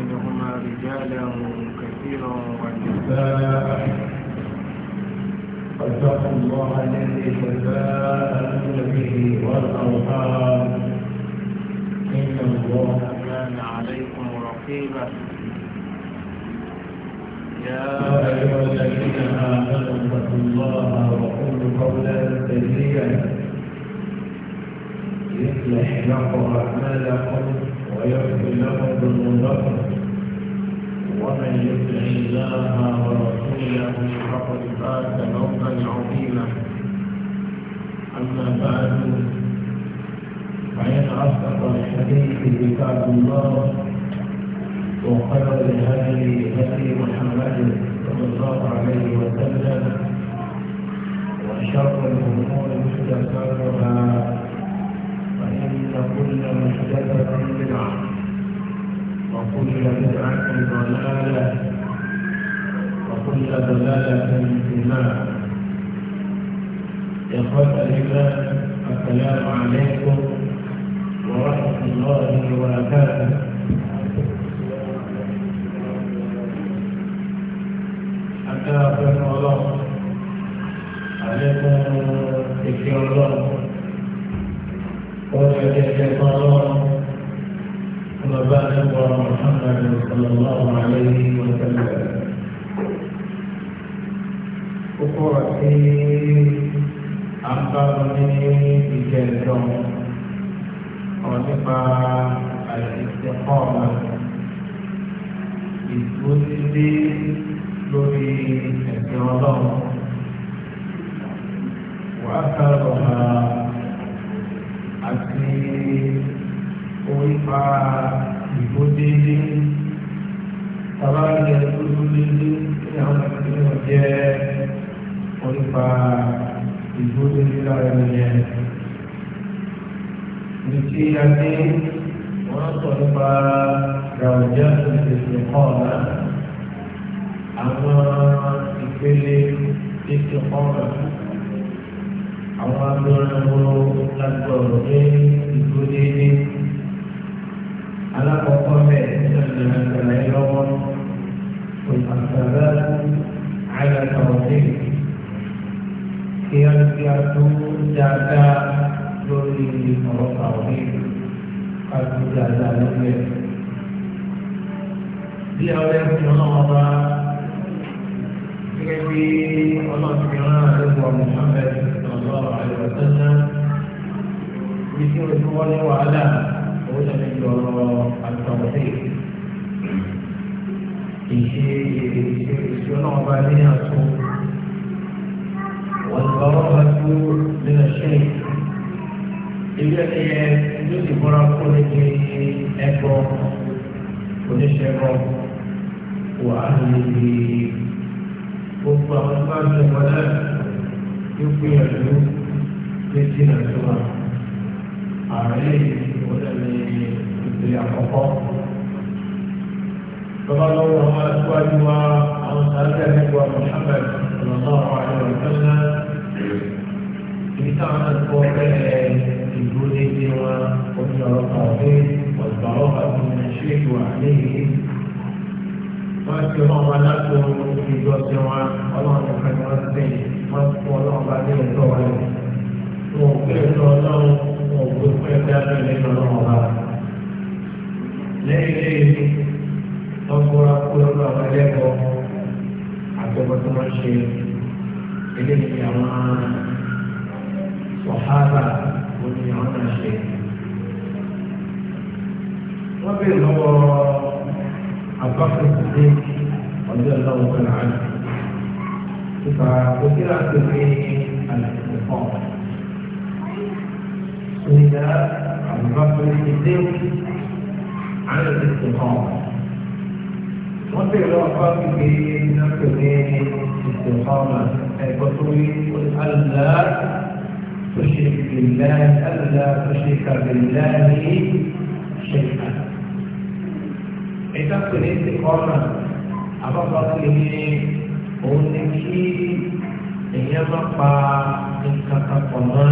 منهما رجالا كثيرا ونساء فاتقوا الله الذي تساءلون به والارحام ان الله كان عليكم رقيبا يا ايها الذين امنوا اتقوا الله وقولوا قولا سديدا يصلح لكم اعمالكم ويغفر لكم ذنوبكم ومن يطع الله ورسوله فقد فاز فوزا عظيما اما بعد فان اصدق الحديث كتاب الله وخير الهدي هدي محمد صلى الله عليه وسلم وشر الامور محدثاتها أن كل محدثة بدعة وكل بدعة ضلالة وكل ضلالة في النار يا إخوة الإيمان السلام عليكم ورحمة الله وبركاته أتى الله عليكم ذكر الله وكذلك قرار وبعد محمد صلى الله عليه وسلم أخرتي أخبرني بجلدهم ونقع الاستقامة بالجزء لوري الجلدهم وأثرها pé orí pa ìbò déédéé bàbá rẹ̀ tó tó déédéé ní àwọn ọmọdé náà jẹ́ orí pa ìbò déédéé lára ẹni yẹn. Ìdí adé wọ́n sọ nípa ìràwọ̀jẹ́ ìṣẹ̀lẹ̀ kọ́ọ̀lá àwọn ìpele ìṣẹ̀lẹ̀ kọ́ọ̀lá àwọn agbẹ̀rẹ̀wò lágbọ̀rọ̀ pé ìlú déédé alákọ̀ọ́kọ́ bẹ̀ sọ̀rọ̀ àgbàlá ìlọ́wọ́ òṣàkàrà àyàtọ̀ọ̀dẹ́ kí á ti a tó dáadáa lórí ọ̀rọ̀ àwọ̀dẹ́ ká tó dáadáa lórí ẹ̀. bí àwọn ẹ̀sìn ọlọ́wọ́ bá gẹ́gẹ́ bí ọlọ́sìn náà ló wà الله عليه وسلم ذكر الكون وعلى وجهه التوحيد يشير عليها والبراءة من الشيء ilé ẹyẹ ló ti bọ́ra kó lè ní ẹgbọ́ oníṣẹ́gbọ́ wà á lè gbogbo àwọn tó bá ń ṣe wọlé yóò gbìyànjú ní sínú ìtura ààrẹ ìwọlẹ̀ ní ìpìlẹ̀ àkọ́kọ́. Bàbá lọ́wọ́ àwọn aṣáájú wa àwọn sàrẹ́sẹ̀ nípa Mùhàmmad sallallahu alaihi wa sallam. Ibi táwọn náà kọ́ bẹ́ẹ̀ ìlú ní ti wọn omi ọ̀rọ̀ kàwé ọ̀sọ̀rọ̀ àti ìṣèlú àlẹ́ yìí. Wọ́n ti rán wọn látò ìjọsìn wọn ọlọ́run kan ní sẹ́yìn máa fún ọlọ́run bá ní ẹ̀tọ́ wa lẹ̀. Wọ́n gbé ẹ̀tọ́ ọlọ́run wọ́n gbé pẹ́ dáná lẹ́nu ọlọ́run bá. Lẹ́yìn lẹ́yìn wọ́n fọ́ra kú lọ́dọ̀ àwọn ẹlẹ́kọ̀ọ́ àjọpọ̀ tó máa ń ṣe eléyìí àwọn sọ̀hárà òní àwọn náà ṣe. Wọ́n bèèrè lọ́wọ́ àbáfẹ́ sí ọjọ́ ìlànà ọ̀gbọ̀n àná. فذكرت في الاستقامة سئل ابو بكر الصديق عن الاستقامة وفي الوفاة في نفسه استقامة أي بطري ألا تشرك بالله ألا تشرك بالله شيئا إذا كنت استقامة أبقى لي òun ni kí èèyàn má pa nǹkan kan pọ̀ mọ́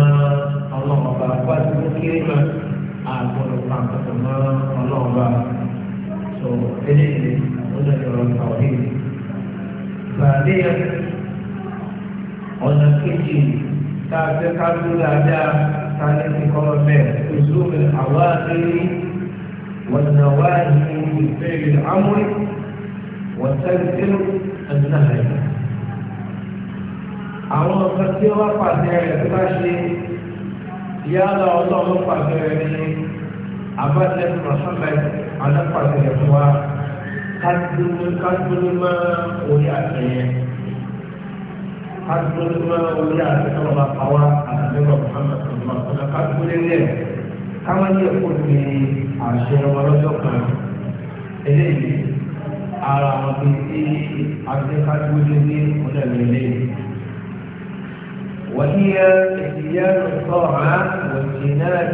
ọlọ́mọba wá sí ó kéré mọ́ àgbọ̀dọ̀ pa nǹkan pọ̀ mọ́ ọlọ́mọba tó eléyìí ó lè yọrọ ìpàdé ìpàdé yẹn ọ̀nà kejì tá a fẹ́ ká dúró dáadáa ta ní kíkọ́ bẹ́ẹ̀ oṣù mi àwọn àdéhìí. والنواهي بفعل الامر وتنزل النهي àwọn nǹkan tí wọ́n pàṣẹ rẹ̀ tó bá ṣe yálà ọlọ́run pàṣẹ rẹ̀ ní abájẹ́ Muhammad alápàṣẹ rẹ̀ fún wa kádúró mọ́ orí àṣẹ yẹn kádúró mọ́ orí àṣẹ tó wà pàwá àtàlẹ́wọ̀ Muhammad tó wà pàwá kádúró lẹ́yìn káwọn yẹ kó ní àṣẹ wọn lọ́jọ́ kan eléyìí ara àwọn bíi tí adékájú lé ní ọ̀dọ̀ وهي إتيان الطاعة واجتناب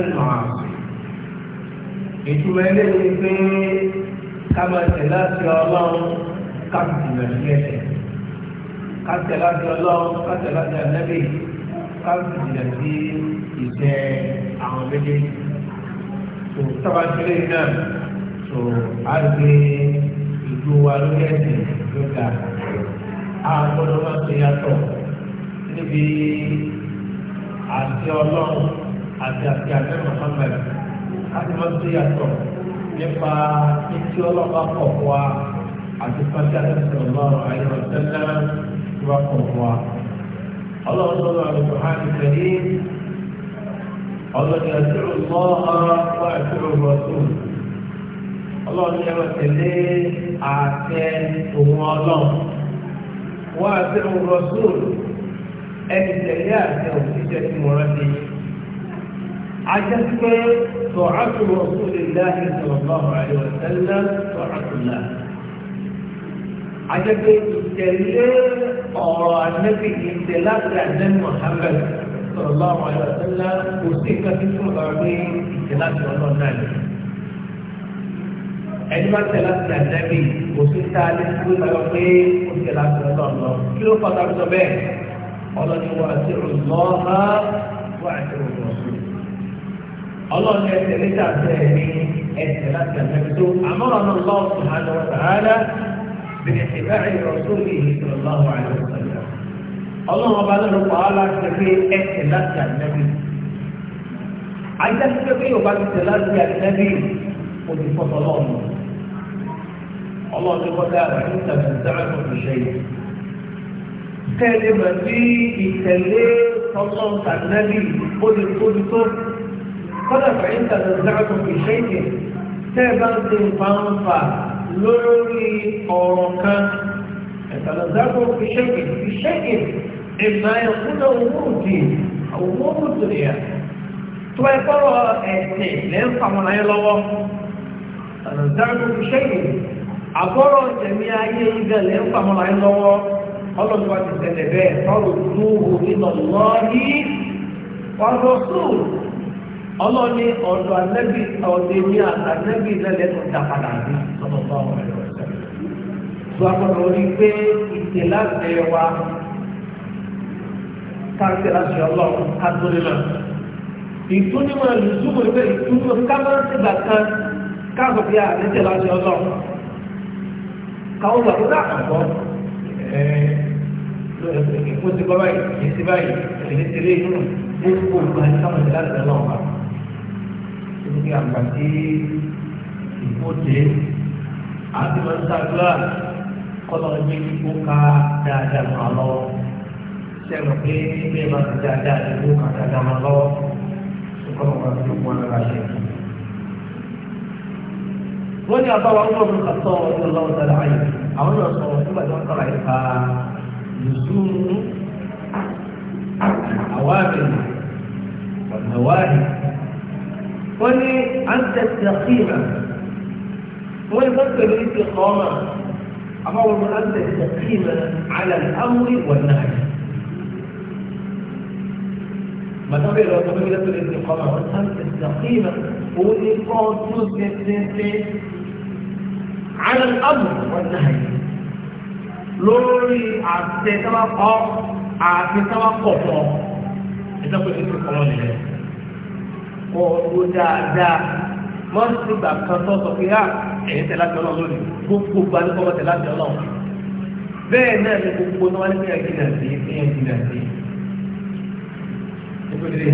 المعاصي ìtumọ̀ eléyìí ni pé ká máa tẹ̀ láti ọlọ́run ká sì jìnnà sí ẹ̀ṣẹ̀ ká tẹ̀ láti ọlọ́run ká tẹ̀ láti ànábì ká sì jìnnà sí ìṣẹ́ àwọn méjèèjì tó sábà sílẹ̀ náà tó á gbé ìlú wa lórí ẹ̀sìn ló ga àwọn ọmọdé máa ń ṣe yàtọ̀ níbi àti ọlọ́run àti àti àti Muhammad láti máa ń tó yàtọ̀ nípa títí ọlọ́run bá pọ̀ fún wa àti pàtí àtẹ̀sẹ̀ ọlọ́run àyẹ̀wò tẹ́lẹ̀ tó bá pọ̀ fún wa. ọlọ́run tó lọ́wọ́ àlùkò hàn ní pẹ̀lú ọlọ́run àti ọlọ́run wà àti ọlọ́run ọlọ́run yẹn wọ́n tẹ̀lé àtẹ òun ọlọ́run wọ́n àti ọlọ́run ẹni tẹ̀lé àti òṣìṣẹ́ tí mo rántí ajẹ́ pé tọ́ọ̀tù Rasulillahi sallallahu alaihi wa sallam tọ́ọ̀tù náà ajẹ́ pé ìtẹ̀lé ọ̀rọ̀ ànẹ́bí ìtẹ̀ láti ànẹ́ Muhammad sallallahu alaihi wa sallam kò sí nǹkan tí mo bá pé ó tẹ̀ láti ọ̀nà náà kí ló fọ́ta sọ bẹ́ẹ̀ ọlọ́ni wà sí ọlọ́ha wà sí ọlọ́sọ. ọlọ́ni ẹsẹ̀ níta bẹ́ẹ̀ ni ẹsẹ̀ láti àtẹ̀wé tó àmọ́ràn náà lọ́wọ́ sùhánù ọ̀sàhánà bẹ̀rẹ̀ sí báyìí ọ̀sọ́ yìí sọ̀rọ̀ lọ́wọ́ àyọ̀sọ̀lá. ọlọ́run ọba lọ́rọ̀ pa á láti pé ẹsẹ̀ láti àtẹ̀wé. ayélujára pé yóò ti tẹ̀ láti àtẹ̀wé olùfọ̀tọ̀ ọlọ́run tó kọ́ kẹ́lẹ́ mọ̀ sí ìtẹ̀lé tọ́lọ́n tàbí bóni tó kọ́dà fẹ̀yìn tàbí ìdáàbò ìṣẹ́yìn tẹ́ bá ń ṣe fanfa lórí ọ̀rọ̀ kan ìtàlọ́dáàbò ìṣẹ́yìn ìṣẹ́yìn ìmọ̀ ẹ̀kúnlẹ̀ owó òdì owó òdìyà tó ẹ kọ́rọ̀ ẹ̀sìn lẹ́ńfà wọn ayé lọ́wọ́ ìtàlọ́dáàbò ìṣẹ́yìn àbọ̀rọ̀ tẹ̀mí ayé ìgbẹ̀lẹ́ńfà wọn ayé lọ́wọ́ ọlọ́run wá ti tẹ̀lé bẹ́ẹ̀ tọ́rọ lóhùn nínú lọ́ọ̀rí ọ̀rọ̀ sùn ọlọ́ni ọ̀dọ̀ anẹ́bí ọ̀dẹ ní anẹ́bí lẹ́lẹ́ tó dá padà ní ọ̀dọ̀ bá wọn lọ. tó akọ̀rọ̀ orí pé ìtẹ̀ láti wa káńtẹ̀ láti ọlọ́run kátólì náà. ìtúnímọ̀ lùsùmù ìgbẹ́ ìtúnímọ̀ kámẹ́rẹ́sìgbà kan káàbọ̀ bí àdéjẹ̀ láti ọlọ́run. káwọn gbàgbọ́dọ̀ àkọ́kọ́ ẹ̀ẹ́ ìkó ti bọ́ báyìí kìí ti báyìí kìí ti rí inú ní kó nǹkan ẹni sáwọn ìdílé àti ìdílé ọ̀pá. Ṣé kí àgbà tí ìkó dé àti máa ń ṣàdúrà kọ́lọ́ ní kíkó ká dáadáa máa lọ́wọ́. Ṣé mo pé bí ẹ máa ti dáadáa kíkó ká dáadáa máa lọ́wọ́? Ṣé kọ́lọ́ wọ́n lára ṣe? ọmọ mi kà sọ lọ́wọ́ dáadáa yìí. Àwọn yóò sọ nígbà tí wọ́n kọ́ra لزوم الأوامر والنواهي ولأنت التقيمة في الاستقامة أما هو عند التقيمة على الأمر والنهي ما تبقى لو تبقى لك الاستقامة وأنت التقيمة والإقامة على الأمر والنهي lórí àti sábà kọ́ àti sábà kọ̀ fọ́ ẹ̀sẹ̀ pé ètò kọ́ nìyẹn kọ́ ọ́ dáadáa wọ́n ti gbà kan tó sọ pé á ah, ẹ̀yìn tẹ̀lá tẹ̀lá lónìí gbogbo gba ní kọ́mọ tẹ̀lá tẹ̀lá bẹ́ẹ̀ náà ni gbogbo tó wá ní kéèyàn jìnnà sí kéèyàn jìnnà sí ẹgbẹ́ tó lè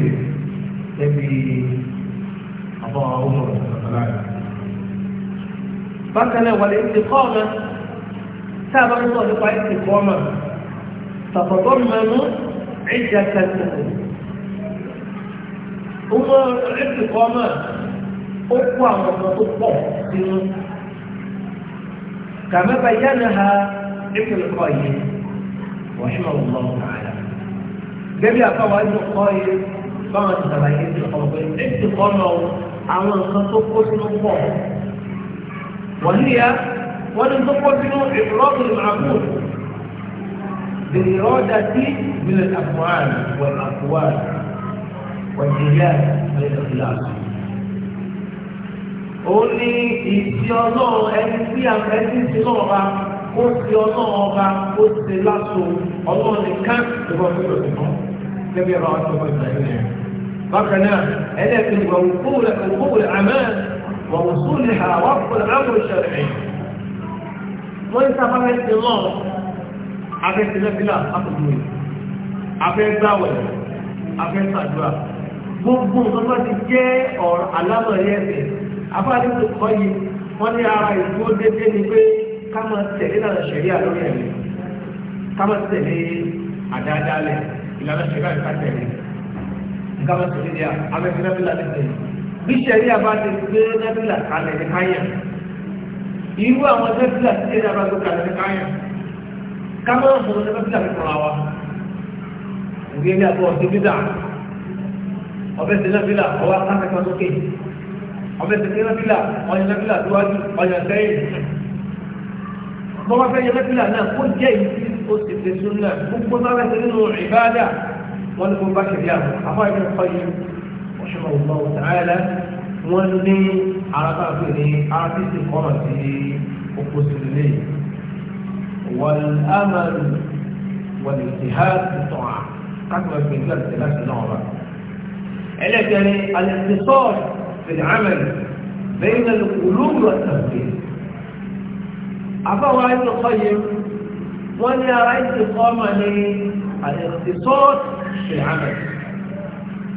ẹbí àbọ̀ ọmọ rẹ̀ bákan náà wà lè ti kọ́ ọ̀nà tá a bá ń sọ̀rọ̀ nípa ẹ̀sìn fọ́ọ̀mà tàbọ̀tọ̀ mẹ́nu ẹ̀jẹ̀ àtẹ̀sẹ̀ ọmọ ẹ̀sìn fọ́ọ̀mà ó kó àwọn ọmọ tó pọ̀ sínú kàmẹ́bà yánà ha nípìnlẹ̀ kọ́ yìí wọ́n ṣe máa wọ́n mọ́ ààrẹ gẹ́gẹ́ àfáwà ẹ̀sìn kọ́ yìí báwọn ti sàlàyé ẹ̀sìn kọ́ pé ẹ̀sìn kọ́ lọ àwọn nǹkan tó kó sínú pọ̀ wọ́n ní ya wọ́n ní tó pọ̀ sínú ìrọ́dùn àbúrò ìrọ́dà sí ìbílẹ̀ àfọ̀hán wọ̀n àfọ̀hán wọ̀n ìyá ìlà òun ní ìdí ọlọ́run ẹni tí àwọn ẹni tí náà bá ó ti ọlọ́run ọba ó ti láṣọ ọlọ́run nìkan ìwọ fún ìrọ̀lẹ́ kan gẹ́gẹ́ bá wọn tó bá ìgbà yìí bákan náà ẹlẹ́ẹ̀kejì wà wọ́n kúrò àmọ́ wọ́n sún lè hà wọ́n kúrò ìṣẹ̀lẹ̀ yìí wọ́n ń sábà fẹ́ ti lọ́ọ̀ afẹ́ ti lẹ́bílà àpòjúwe afẹ́ gbàwẹ̀ afẹ́ sàdúrà gbogbo nǹkan bá ti jẹ́ ọ̀rọ̀ alámọ̀ yẹn bẹ̀ afáàdé tó kọ́ yìí wọ́n ní ara ìdúró déédéé ni pé ká máa tẹ̀lé lànà ṣẹ̀ríà lórí ẹ̀mí ká máa tẹ̀lé àdáadáa lẹ̀ ìlànà ṣẹ̀ríà ká tẹ̀lé nǹkan bá tẹ̀lé ní abẹ́ ti lẹ́bílà lẹ́sẹ̀ bí ṣẹ̀ríà irú àwọn nẹ́fílà tí ẹ̀rọ abájọ́ kàlẹ̀ ní káyà kámọ́rọ̀ sọ̀rọ̀ nẹ́fílà fi kọ̀ra wa òwe ní àbọ̀ ọ̀sẹ̀ bídà ọbẹ̀ sí nẹ́fílà ọwọ́ akásẹ̀kọ́ sókè ọbẹ̀ sí nẹ́fílà ọyàn nẹ́fílà síwájú ọyàn sẹ́yìn bọ́wọ́ fẹ́ yẹ nẹ́fílà náà kó jẹ́ ìdí ó ti fi sún náà gbogbo náà fẹ́ nínú ìbáadà wọn ni kó wọ́n ní arábàgbé ní arábìsì kọ́rọ̀ sí oko sílẹ̀ wọ́n ámàlù wọ́n lè ti há ìtàn á káàkiri ẹgbẹ́ ìgbà tẹ̀lé láti náà wà. ẹlẹ́gbẹ̀rin alẹ́sẹ̀sọ́ọ̀ fìdí àmàlù bẹ́ẹ̀ ní olóòrò àtàkùn àbáwá ìtọ́kọ́ yìí wọ́n ní ara ìtìkọ́mà ní àìsìsọ́ọ̀tì ṣe àmà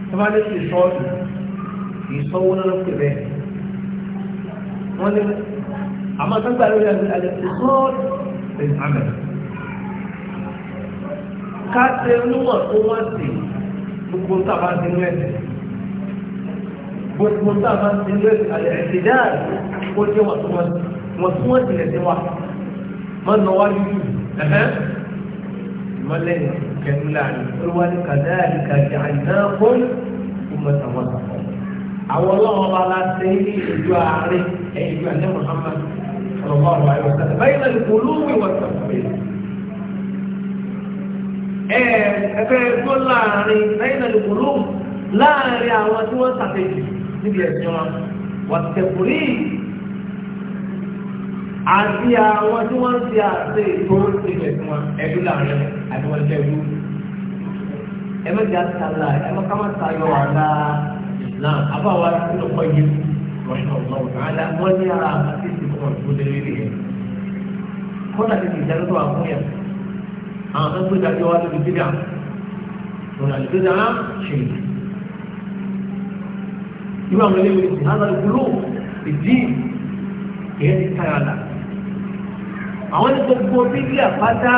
tí wọ́n ní ìsọ́ọ̀tì يصون نفسه به عما تنفع له الاتصال بالعمل كات نور قواتي بكونتا فانتنويته بكونتا فانتنويته الاعتدال كل يوم قواتي وصوتي لسوا ما النوالي أه؟ ما اللي كان ملعني الوالي كذلك جعلناكم ثم توسطهم àwọn ọlọ́run bá láti ní ìlú ààrẹ ẹ̀yìn ìlú Muhammad ọlọ́wọ́ àwọn àyọ̀ sẹ́lẹ̀ báyìí náà kò lóòwì wọ́n sọ̀rọ̀ ẹ̀ẹ́dẹ́ tó láàrin báyìí náà kò lóòwì láàrin àwọn tí wọ́n sàtẹ̀jì níbi ẹ̀sìn wọn wọ́n tẹ̀kùrí àti àwọn tí wọ́n ti àṣẹ ètò ìpínlẹ̀ tí wọ́n ẹ̀dú láàrin àti wọ́n tẹ̀kùrí náà abáwa nínú kọ́ yìí rọ̀ṣọ̀ ọ̀gbọ̀n ọ̀gbọ̀n wọ́n ní ara àti ìsìnkú tó lé lé yẹn kọ́nà ti tìjà lọ́dọ̀ àkúnyẹ̀ àwọn kan gbé dájọ́ wá lórí bídà lọ́nà ìgbéga ṣe irú àwọn ilé ìwé ìhànà ìgbúlò ìdí kìí ti kára là àwọn ní gbogbo bíbíà pátá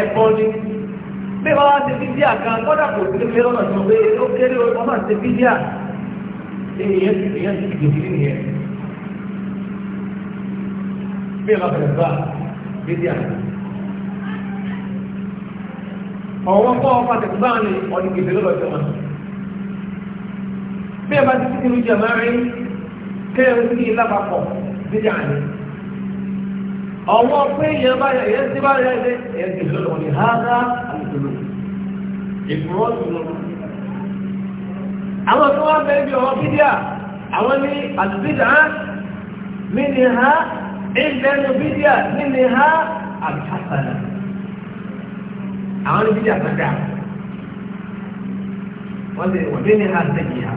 ẹ̀kọ́ ni bí wọ́n wá ti bíbíà kan kọ́dà kò sí lé lọ́nà tó pé ó kéré ọmọ àti bíbíà èèyàn sì èèyàn sì gbèsè nìyẹn bí ẹ bá bẹ̀rẹ̀ bá dédé àná ọ̀wọ́ fọ́ ọ̀pá tẹ̀kù bá ní ọdún gbèsè lọ́dọ̀ jọmọ́ bí ẹ bá ti sínú jẹ̀mọ́ rí kẹ́ẹ̀rù sí lápapọ̀ dédé àná ọ̀wọ́ pé èèyàn bá yẹ èèyàn sí àwọn tó wá bẹ́ẹ̀ bí ọ̀rọ̀ bídíà àwọn ní àdùbídà mini ha ìbẹ̀nu bídíà mini ha àbíhásánà àwọn ní bídíà sàgà wọ́n lè wọ́n mini ha sẹ́yìn ha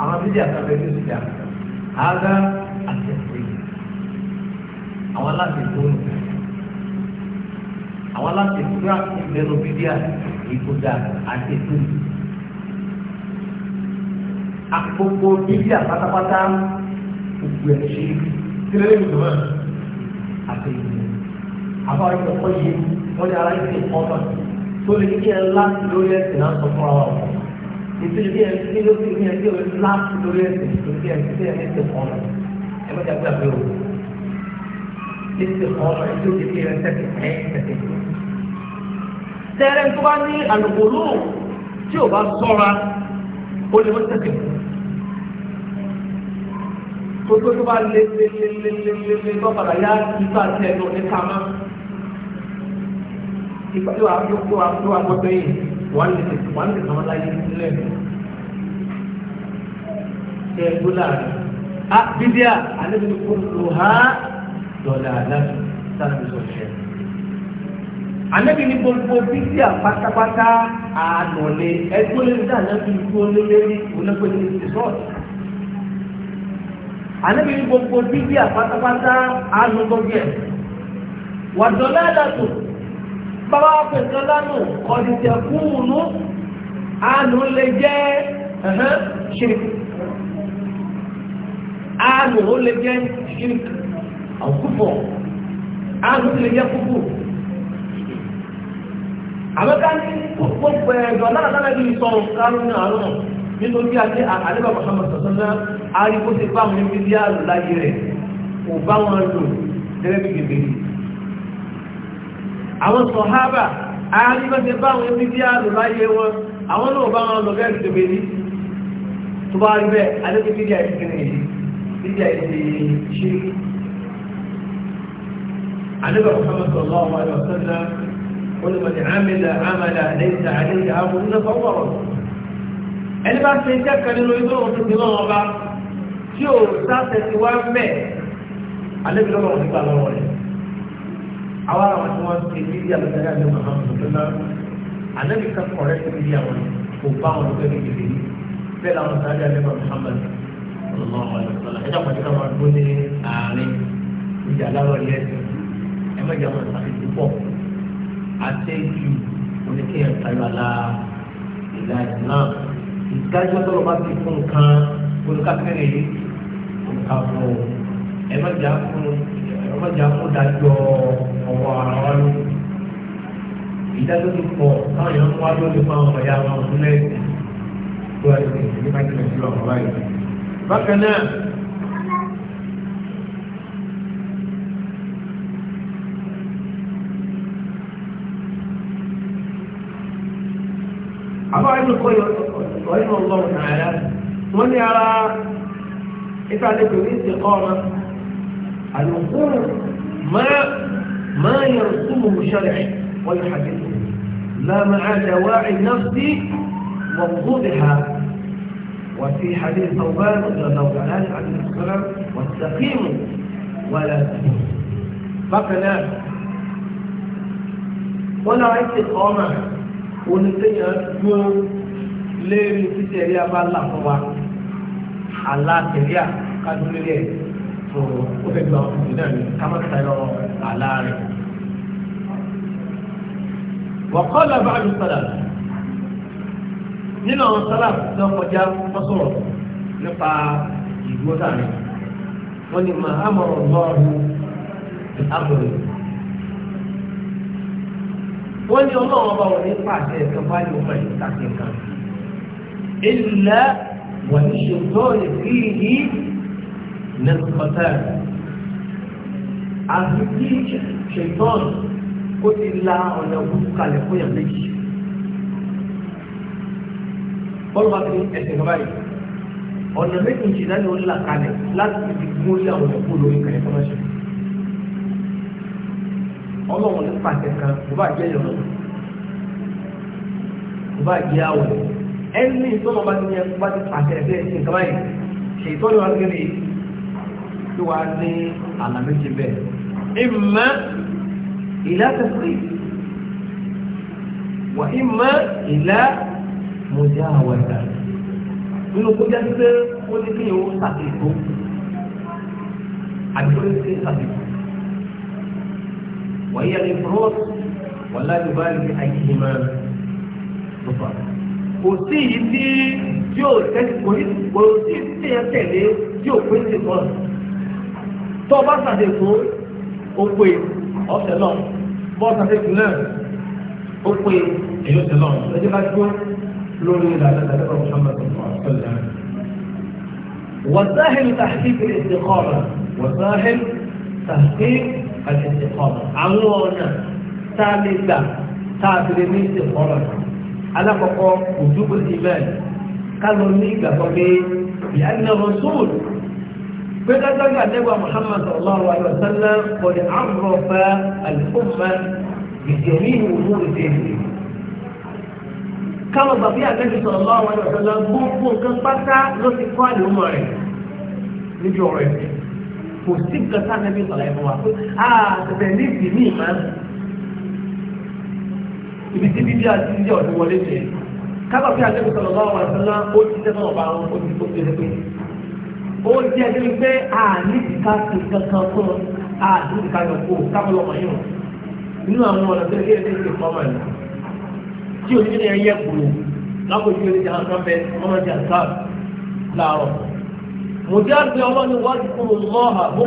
àwọn bídíà sàgà ní bídíà àgá àti ẹ̀sìn àwọn aláṣẹ tó àwọn aláṣẹ tó ń bídíà ìkọjá àti ẹ̀sìn àpòpò bíbí àpátápátá gbogbo ẹ̀ ṣe kílẹ̀ lẹ́yìn ìdùnnú àti ìdùnnú àbáwọ̀ ìpọ̀pọ̀ yìí wọ́n ní ara ìdí ìpọ́nmà tó lè kí ẹ láti lórí ẹ̀sìn náà sọ fúnra wa wọ̀ ètò ìdí ẹ̀ sí ló fi ní ẹ̀ sí ẹ̀ láti lórí ẹ̀sìn tó kí ẹ̀ sí ẹ̀ ní ìsìn pọ́nmà ẹ̀ mọ́jà gbé àgbé o ìsìn pọ́nmà ẹ̀ tó kí ẹ̀ sẹ́kì ẹ̀ sẹ́kì. tẹ́rẹ̀ tó bá ní àlùkò lóò tí ò bá sọ́ra ó lè mọ́ sẹ́kì fún gbogbo tó bá lé lé lé lé lé lé lé lọ́padà yá ìgbà tí ẹ̀ lọ ní kama ìgbà tí wàá tó wàá tó wàá gbọ́dọ̀ yìí wọ́n lè tètè wọ́n lè kàn láyé sílẹ̀ ṣe é gbọ́dọ̀ rẹ̀ a bíbí à alẹ́bí kò lò ha dọ̀là aláàbí sáàbì sọ̀ṣẹ́ alẹ́bí ní gbogbo bíbí à pátápátá ànọ̀lẹ̀ ẹgbẹ́ lẹ́sẹ̀ ànábì kò lé lórí onígbẹ́ni ti àníbi ní gbogbo dídí àpátápátá àánú gbogbo ẹ̀ wàdọ́lá dàtò bàbá pẹ̀sẹ̀ lánàá ọ̀dìtẹ̀ kúùnú àánú lè jẹ́ ṣirk àánú ó lè jẹ́ ṣirk àkúfọ̀ àánú lè jẹ́ kúfù àmọ́ká ní gbogbo ẹ̀dọ̀ náà lálẹ́ bí sọ̀rọ̀ kárún ní àárọ̀ nítorí àti àlébà Muhammad sọ̀tọ́lá arígbó ti bá wọn ní díàlù láyé rẹ̀ kò bá wọn lò gẹ́gẹ́ bí gbèbè àwọn sọ̀hábà arígbó ti bá wọn ní díàlù láyé wọn àwọn náà bá wọn lọ gẹ́gẹ́ bí gbèbè ní tó bá rí bẹ́ẹ̀ alẹ́gbẹ́ bí díà ìsìnkiri yìí bí díà ìsìnkiri ṣe ẹni bá ṣe iṣẹ́ kan nínú ibi òun tó ti lọ́wọ́ bá tí ò sáṣẹ ti wá mẹ́ àlébi lọ́wọ́ òun nígbà lọ́wọ́ rẹ̀ àwa àwọn tí wọ́n ti bí ìyá lọ́sẹ̀ àti màmá mùsùlùmá àlébi kan kọ̀rẹ́ ti bí ìyá wọn kò bá wọn lọ́sẹ̀ ní ìdílé bẹ́ẹ̀ làwọn sáré àti màmá Muhammad sallallahu alaihi wasallam ẹ̀dá pàdé ká máa dún ní àárín ìjà lárọ̀ yẹn ẹ má jà wọn sáré púpọ̀ àti ju oníkéyàn sáyọ̀ àlá ìdájọ́ tọ́lọ̀ bá ti fún nǹkan olùkàkẹ́rẹ́ yìí àbọ̀ ẹ̀mọ́jà fún ẹ̀mọ́jà fún dájọ́ ọwọ́ ara wa ló ìdájọ́ ti pọ̀ táwọn èèyàn ń wá lórí fún àwọn ọ̀yà àwọn òṣìlẹ̀ tó wà lórí ìdílé káàkiri ìlú àwọn báyìí. bákan náà àbáwá ẹni kọ́ yọ رحمه الله تعالى من يرى إفعالكم استقامة الوقوف ما ما يرسمه شرع ويحدثه لا مع دواعي النفس ووضوحها وفي حديث ثوبان رضي الله تعالى عنه السلام واستقيموا ولا تهتموا بقنا ولا استقامة ونتيجة lérí títẹ̀ rí abala fún wa alátẹ̀ríà kádúlélé ẹ̀ tó ó fẹ́ gba ọkùnrin náà ní kámọ́tà lọ àlá rẹ̀. wọ́kọ́ làbá àlùsọ̀là nínú àwọn sálà tó kọjá fọ́sọ̀rọ̀ nípa ìgbó sáré wọ́n ní ma amọ̀rọ̀ lọ́ọ̀rù amọ̀rọ̀ wọ́n ní ọlọ́run ọba wọn ní pàṣẹ ẹ̀kan báyìí wọ́n máa ń ta sí nǹkan sí. إلا وللشيطان فيه نزقتان àti tí ṣètọ́n ó ti la ọ̀nà òkúta kalẹ̀ fún yàn méjì bọ́lú bá ti ẹsẹ̀ kan báyìí ọ̀nà méjì ń ṣẹlẹ̀ ló ń là kalẹ̀ láti fi mú ilé àwọn ọ̀nà kúrò lórí kẹ̀kẹ́ fọ́nà ṣe ọlọ́run ní pàṣẹ kan kò bá jẹ́ yọ̀rọ̀ kò bá jẹ́ àwọ̀ ẹni ìtọ́nà bá ti ní ẹkú bá ti pàṣẹ ẹgbẹ́ ẹ̀sìn kan báyìí ṣe ìtọ́nà wọn gẹ́gẹ́ tí wàá ní àlà méjì bẹ́ẹ̀. ìmọ̀ ìlàtẹ̀sí wà ìmọ̀ ìlà mọ̀já àwọn ẹ̀dá nínú kó jẹ́ pé ó ní kí ó ní kí ṣàtìkó. wà wà láti kò sí yìí tí tí ò tẹ́sí kò ní kò sí tí ẹ tẹ̀lé tí ò pèsè kan tó o bá sàdé fún òpè ọ̀sẹ̀ náà bọ́ sàdé fún náà òpè èyí ọ̀sẹ̀ náà ẹjẹ́ bá tó lórí ìlànà ìlànà ìlànà Muhammadu ọ̀sẹ̀ وساهل تحقيق الاستقامة وساهل تحقيق الاستقامة àwọn ọ̀nà tá a lè gbà tá a fi lè ní ìsìnkọ́rọ̀ náà alákọ̀ọ́kọ́ òjúbò ti bẹ́ẹ̀ kálọ ní ìgbàgbọ́ pé ìyáàlẹ́ rọ̀súùl pé dájájá nígbà Muhammad sallallahu alaihi wa sallam kò ní àmúrọ̀fẹ́ àlùfọ́fẹ́ ìjẹ̀mí ìwòmú ìdèjì kálọ bàbí àgbẹ̀jù sallallahu alaihi wa sallam gbogbo nǹkan pátá ló ti kọ́ àlùmọ̀ rẹ̀ níbi ọ̀rọ̀ ẹ̀ kò sí nǹkan sáà ibi tí bíbí àti ilé ọ̀dún wọlé jẹ kábà pé àjẹkù sọ̀rọ̀ bá wà ó ti bá wọn ó ti tó ti pé ó jẹ́ ẹni pé ìka tó kankan fún ìka kó lọ́mọ yìí wọn àwọn ọ̀nà yìí tí o ní ní ẹyẹ kúrò lákòókò ìdè jàǹ kan bẹ ọmọ jàǹ kan láàárọ̀ mo jẹ́ àgbẹ̀ ọlọ́ni wá ti kúrò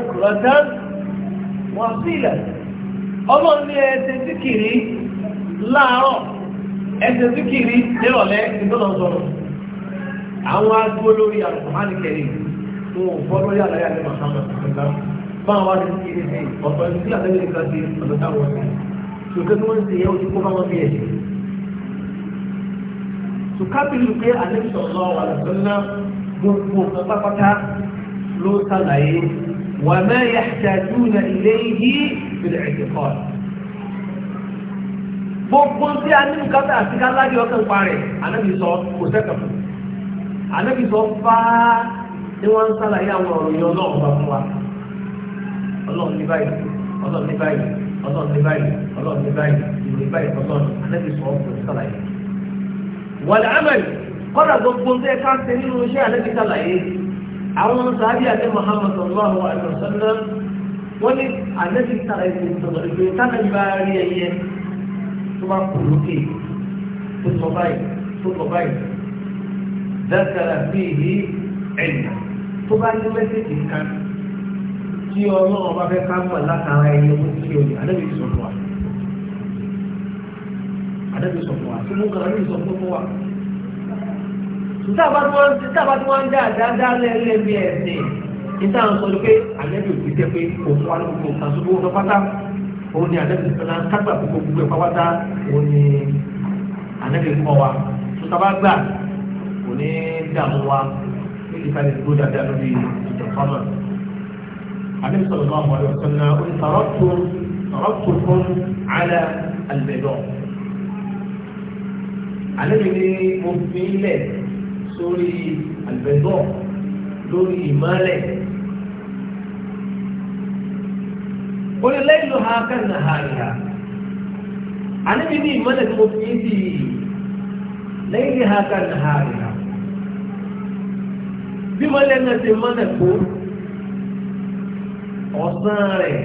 láàárọ̀ ẹsẹ̀ síkìrì nírọ̀lẹ́ ìtọ́lọ́sọ̀rọ̀ àwọn agbó lórí àlùkùnmáàlì kẹrin fún òfò lórí àlàyé àti màkàmà nígbà bá wọn wá sí síkìrì sí ọ̀pọ̀ ẹni tí àtẹ́lẹ́ nìkan ti ọ̀dọ̀ táwọn sí ṣùgbọ́n tí wọ́n ń ṣe yẹ ojú kó bá wọn fi ẹ̀ ṣe. sùkápìlù pé àlẹ́sọ̀lọ́ àlùsọ́lá gbogbo gbogbo tí a ní bùkátà àti káláàdì ọkàn pa rẹ̀ ànábì sọ kò sẹ́kàn fún ànábì sọ fáá ni wọ́n ń sàlàyé àwọn ọ̀rọ̀ yẹn ọlọ́run bá fún wa ọlọ́run ní báyìí ọlọ́run ní báyìí ọlọ́run ní báyìí ọlọ́run ní báyìí ìwé báyìí ọlọ́run ànábì sọ kò sàlàyé. wàlẹ̀ amẹ́lì kọ́dà gbogbo tí ẹ ká ṣe nínú iṣẹ́ ànábì sàlàyé àwọn sàábì àti Muhammad sallallahu alaihi wasallam wọ́n ní ànábì sàlàyé tó ń sọ̀rọ̀ ìgbé tó máa ń kù lókè tó sọ báyìí tó sọ báyìí dákàrà bí ìhí ẹ̀yà tó bá ní mẹ́sẹ̀jì kan tí ọlọ́run bá fẹ́ ká mọ̀ látara ẹyẹ mú kí o ní àdébí sọ̀tọ̀ wa àdébí sọ̀tọ̀ wa tí mo kàn ní ìsọ̀tọ̀ fún wa. tábà tí wọ́n ń dá àdáadáa lẹ́lẹ́bí ẹ̀sìn níta àwọn sọ pé àdébí òkú jẹ́ pé òkú alùpùpù kan tó gbówó òun ni àdẹ́bí sọ́lá tágbà fún gbogbo ẹ̀ pápátá òun ni àdẹ́bí kọ́ wa tó sábà gbà kò ní dààmú wa níbi ká lè dúró dáadáa lórí ìtọ́sọ́nà. àdẹ́bí sọ̀rọ̀ náà wọlé ọ̀sán náà ó ní sọ̀rọ̀tò sọ̀rọ̀tò fún alẹ́ àlùbẹ̀dọ̀. àdẹ́bí ni mo fi ilẹ̀ sórí àlùbẹ̀dọ̀ lórí ìmọ̀lẹ̀ ó ní lẹ́yìn ló ha kẹ́rin náà ha ìhà àníbi ní ìmọ́lẹ̀ tí mo fi ń di lẹ́yìn ló ha kẹ́rin náà ha ìhà bí mọ́lẹ̀ náà ti mọ́lẹ̀ kó ọ̀sán rẹ̀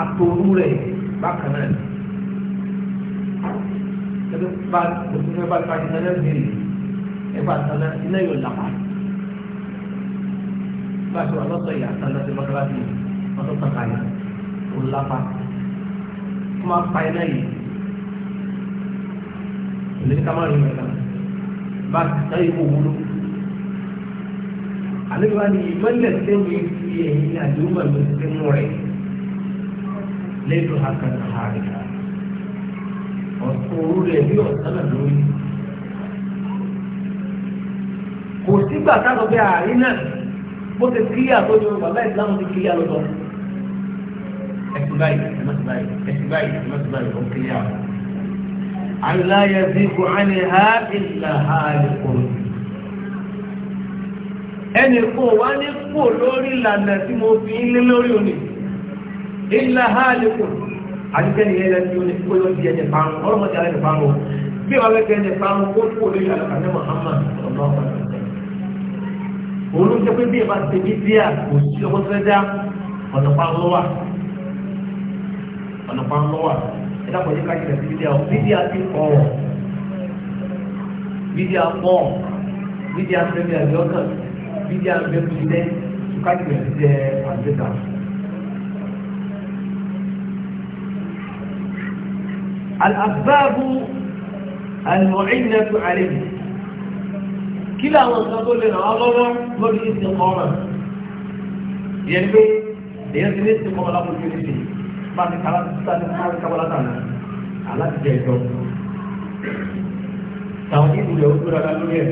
àtòrú rẹ̀ bákan náà ẹgbẹ́ bá òṣìṣẹ́ bá ta ìṣẹ́ náà bèrè ẹgbà tánà iná yóò lápá bá a sọ̀rọ̀ lọ́sọ̀ ìyá tánà sí mọ́tàlá bíi wọn tó kàkà yìí ó lápá kó máa pa iná yìí lè ká máa rí mẹ́ta bá táyé kó wúlò àlejò wa ni ìmọ̀lẹ̀ sẹ́yìn fi ẹ̀yìn àdéhùn àlọ́ sẹ́nu rẹ̀ lẹ́dùn àkàtà àríkà ọ̀sán orú rẹ̀ bí ọ̀sán àlóyún kò sígbà táwọn ọbẹ̀ àárín náà bó ti kíyà tó ní bàbá ìsìlámù ti kíyà lọ́dọ̀ọ́ báyìí ẹ má ti báyìí ẹ ti báyìí ẹ má ti báyìí ó kéré àwọn. àlùláyà sí kò á ní ha ìlà ha lè kó ẹnì kò wá ní kò lórí ìlànà tí mo fi ń lé lórí òní ìlà ha lè kó àdìsẹ́ni yẹn lẹ́nu ní kó yọ di ẹ̀jẹ̀ parun ọlọ́mọdé alẹ́ parun bí wàá fẹ́ ẹ̀jẹ̀ parun kó kó lórí àlàkàtà Muhammad ọlọ́mọdé olùjẹ́ pé bí ìbá ti bí díà kò sí ọmọ tó fẹ́ dá ọ̀nà parun lọ́wọ́ ọ̀nà pa ń lọ́wà ẹ̀dá pọ̀ yíká jìnà sí bídíà bídíà ti pọ̀ bídíà pọ̀ bídíà bẹ́ẹ̀ bí ọkàn bídíà bẹ́ẹ̀ bí ilẹ̀ yíká jìnà sí jẹ́ àgbẹ̀dà. الأسباب المعينة عليه كلا من تقول العظمة والاستقامة يعني ايه؟ يعني الاستقامة لا بد من bàtí kala sani kala kabala tà náà ala ti jẹ ẹjọ tàwọn yìí ti jẹ o tóra lálẹ́ yẹ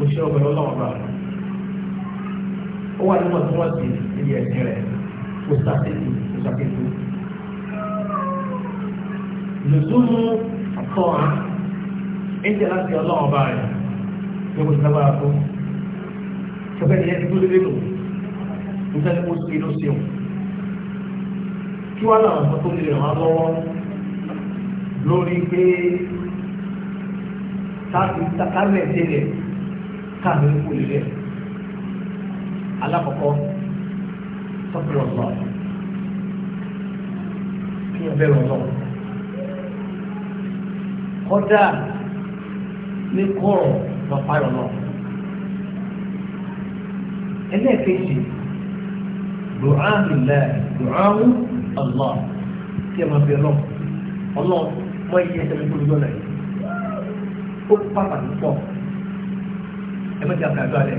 o ṣe ọgbẹ ọlọ́wọ́ bá ó wà níwọ̀n tí wọ́n ti ibi ẹ̀sìn rẹ̀ o ṣàkíyèsí o ṣàkíyèsí lùsùnù àtọ́ à ń jẹ láti ọlọ́wọ́ bá kí wọ́n náà sọ tó lè wọ́n lọ́wọ́ lórí pé káàkiri kálẹ̀ délẹ̀ káàkiri kò lè lẹ̀ alákọ̀ọ́kọ́ sọ́kùnrin ọ̀sán kí wọ́n bẹ̀rù ọ̀sán kọ́dà ní kọ́rọ̀ lọ́pàá ìrọ̀lọ́ ẹlẹ́ẹ̀kejì dùn áhùn lẹ́ẹ̀ dùn Allah kí ẹ máa fi ọlọ́ ọlọ́ mọ iye ẹsẹ̀ nípa olùdó náà ó pàtàkì pọ̀ ẹ mọ̀ tí a kàdó alẹ́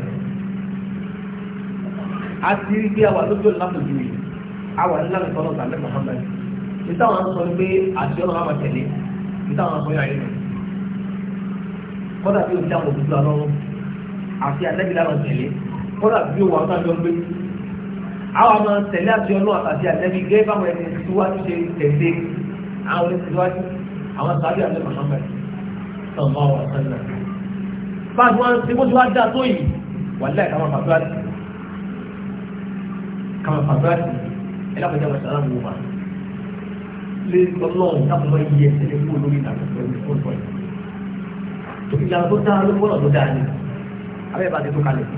a ti rí bí àwa lójú lápò ju yìí àwa ńlá mi sọ́nà sàlẹ̀ Muhammad níta wọn sọ pé àti ọ̀nà àwọn tẹ̀lé níta wọn sọ yà yẹn kọ́dà bí o ti àwọn òdúdó alọ́run àti àtẹ́bí lára tẹ̀lé kọ́dà bí o wà ọ́ àwọn ọmọ tẹ̀lé àti ọlọ́ àtàtì àtẹ́bí gẹ́gẹ́ bá wọn ẹni síwájú ṣe tẹ̀lé àwọn ẹni síwájú àwọn sàbí àti Muhammad sọ̀mọ́ wọn sọ́nà. báwo wọn ṣe bó ti wá dá tó yìí wàlẹ́ kàmá fàbíwájú kàmá fàbíwájú ẹ̀ lápẹjá wọn sàrà mú wa lé ọlọ́run táwọn máa yí ẹsẹ̀ lé lórí ìlànà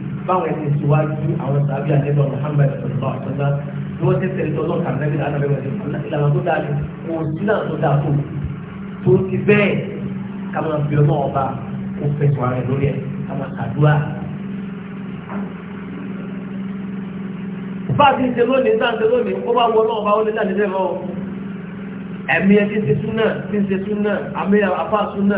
báwọn ẹni síwájú àwọn sàbí àdébọ̀ Muhammad sallallahu alaihi wasallam tí wọ́n ti tẹ̀lé tọ́lọ́ kàmẹ́lì àdàbẹ̀wẹ̀ ìlànà tó dáa ni kò sí náà tó dáa tó tó ti bẹ́ẹ̀ ká máa fi ọmọ ọba kó fẹ̀sọ̀ ara ẹ̀ lórí ẹ̀ ká máa kàdúrà. bá a ti ṣe lónìí sáà ṣe lónìí ó bá wọ náà bá wọlé jáde lẹ́rọ ẹ̀mí ẹ ti ṣe súnà ti ṣe súnà àmì àfáà súnà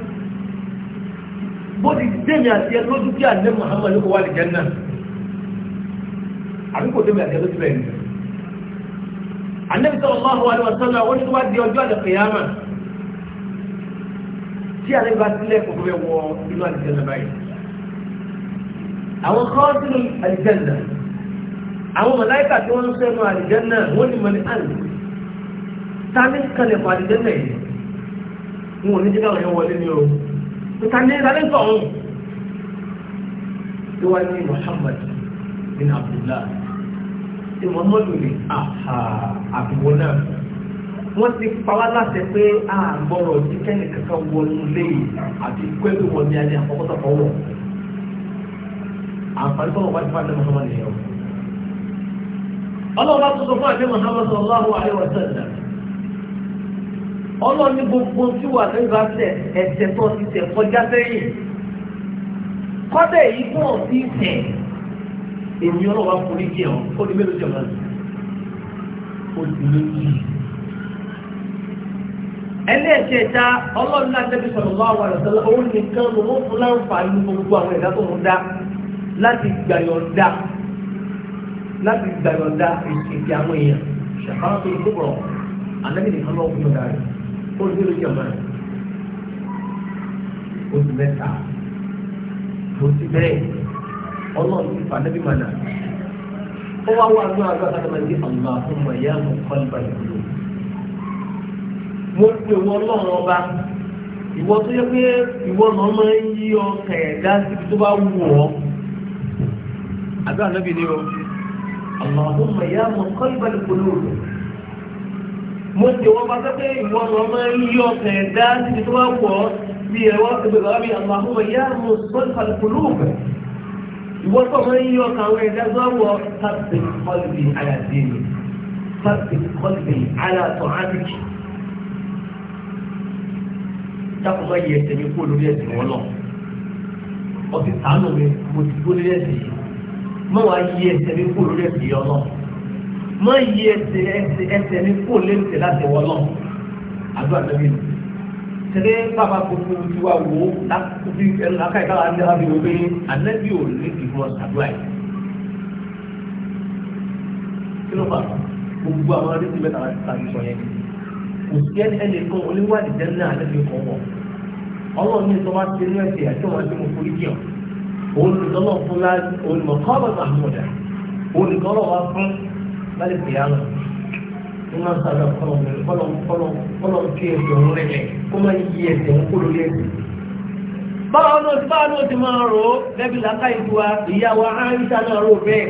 bó ti dèmi àti ẹ lójú kí àlẹ́ Muhammad kò wà lè jẹ́ náà àbí kò dèmi àti ẹ lójú bẹ́ẹ̀ ni. Ànábì sallallahu alaihi wasallam wọ́n ti wá di ọjọ́ àlẹ́ kìyàmà tí àlẹ́ bá sílẹ̀ kò fẹ́ wọ inú àlùjánnà báyìí. àwọn kan sínú àlùjánnà àwọn màláíkà tí wọ́n ń sẹ́nu àlùjánnà wọ́n ní mọ̀lẹ́ àlù tá a ní kalẹ̀ fún àlùjánnà yìí wọn ò ní jẹ́ káwọn yẹn wọlé ní o. ìtàndé ìtàndé sọ̀hún tó wá ní Muhammad bin Abdullah Muhammadu ní àbúgbò náà wọ́n ti pàwá láti pé a gbọ́rọ̀ tí kẹ́lì kankan wọnú lé àti pẹ́lú wọn ní fọwọ́ àǹfààní wájú fún Muhammad nìyẹn ọlọ́run bá tuntun fún Muhammad ọlọ́run ní gbogbo tí wà lẹ́yìn bá tẹ̀ ẹ̀sẹ̀ tó ti tẹ̀ kọjá sẹ́yìn kọ́dẹ̀ yìí tó ọ̀ sí tẹ̀ èmi ọlọ́wà forí jẹ́ ọ ó ní mélòó jọba ó ti méjì ẹlẹ́ẹ̀kẹta ọlọ́run náà tẹ́lẹ̀ sọ̀rọ̀ bá wà lọ́sọ̀lọ́ òun nìkan ló ń fún láǹfààní gbogbo àwọn ẹ̀dá tó ń dá láti gbàyọ̀dá láti gbàyọ̀dá ètò àwọn èèyàn ṣàkóso ìkókòrò àlẹ́ nìkan lọ́wọ́ fún ọ̀dà rẹ̀ oṣù mélòó jọba yìí oṣù mẹ́ta oṣù bẹ́ẹ̀ ọlọ́run ti fà nẹ́bí mọ̀nà ó wá wá àdúrà àdúrà kan máa ń di àlùmá fún mọ̀ ìyá mọ̀ kọ́lùbà ìlú mo pè wọ́n lọ́rùn ọba ìwọ tó yẹ pé ìwọ náà máa ń yí ọkàn ẹ̀dá síbi tó bá wù ọ́ àdúrà nẹ́bí ni o àlùmá fún mọ̀ ìyá ìlú mo jẹ wọn bá sẹ́pẹ́ ìwọ lọ máa ń yí ọ̀sẹ̀ dá títí tó bá wọ̀ ọ́ bí ẹ̀rọ ìgbẹ̀gbẹ̀ àbí àwọn àhúmọ̀ yá mo sọ́ọ́ kàlùkùlù ìwọ tó máa ń yí ọkàn àwọn ẹ̀dá tó bá wọ̀ ọ́ tàbí kọ́lùbì àyàdé mi tàbí kọ́lùbì àyàtọ̀ ábíkì dákun máa yẹ ẹsẹ̀ mi kó lórí ẹsẹ̀ wọn lọ ọ̀sẹ̀ sàánù mi mo ti kó lórí ẹsẹ̀ yìí wá yí ẹsẹ̀ mi kó lórí ẹsẹ̀ yìí ọ mọ iye ẹsẹ̀ ẹsẹ̀ ẹsẹ̀ ní kó lẹ́sẹ̀ láti wọ náà àdúrà lórí mi tẹ̀lé bàbá gbogbo ti wá wò ó láti ẹnu akáyí káwá ní alábi wò pé ànẹ́bí ò ní ìfún ọ̀sàdúrà yìí kí ló fà á gbogbo àwọn adé ti mẹ́ta láti sáré sọ yẹn kò sí ẹni ẹni kan oníwádìí jẹ́ náà ànẹ́bí kan wọ̀ ọlọ́run ní ìtọ́ ti ní ẹsẹ̀ àti ọ̀rọ̀ àti mọ̀kúrí jẹun olùdọ́lọ́ lálẹ́ kìyàmù ní máa ń sàdọ̀ kọ́lọ̀ kọ́lọ̀ kọ́lọ̀ kọ́lọ̀ tí ẹ̀sẹ̀ ń rẹ̀ kó máa yí ẹ̀sẹ̀ ń kúrò lẹ́sẹ̀. báwo ló ti báwo ló ti máa rò ó bẹ́ẹ̀ bí làákà ìlú wa ìyá wa áyíṣà náà rò bẹ́ẹ̀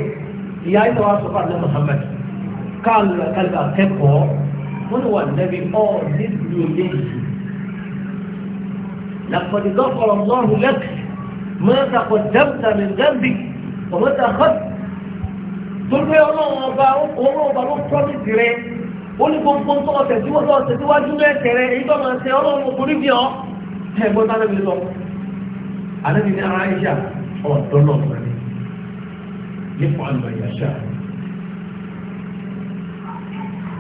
ìyá àyíṣà wa sọ fún àdé Muhammad káàlù àkàlù akẹ́kọ̀ọ́ wọ́n wà nẹ́bí ọ́ nílùú lẹ́yìn. làkọ̀dìgọ́ kọ̀ọ̀ torí ọlọ́run ọba ọlọ́run ọba ló promise rẹ ó ní gbogbo tó ọ̀sẹ̀ tí wọ́n tó ọ̀sẹ̀ tí wájú ní ẹ̀sẹ̀ rẹ èyí tó máa ṣe ọlọ́run kò ní bí ọ́ ẹ̀ gbọ́n tá lẹ́bi lọ. alẹ́ mi ní ara ìyá ọ̀dọ́ náà fún mi nípa àlọ́ ìyàṣà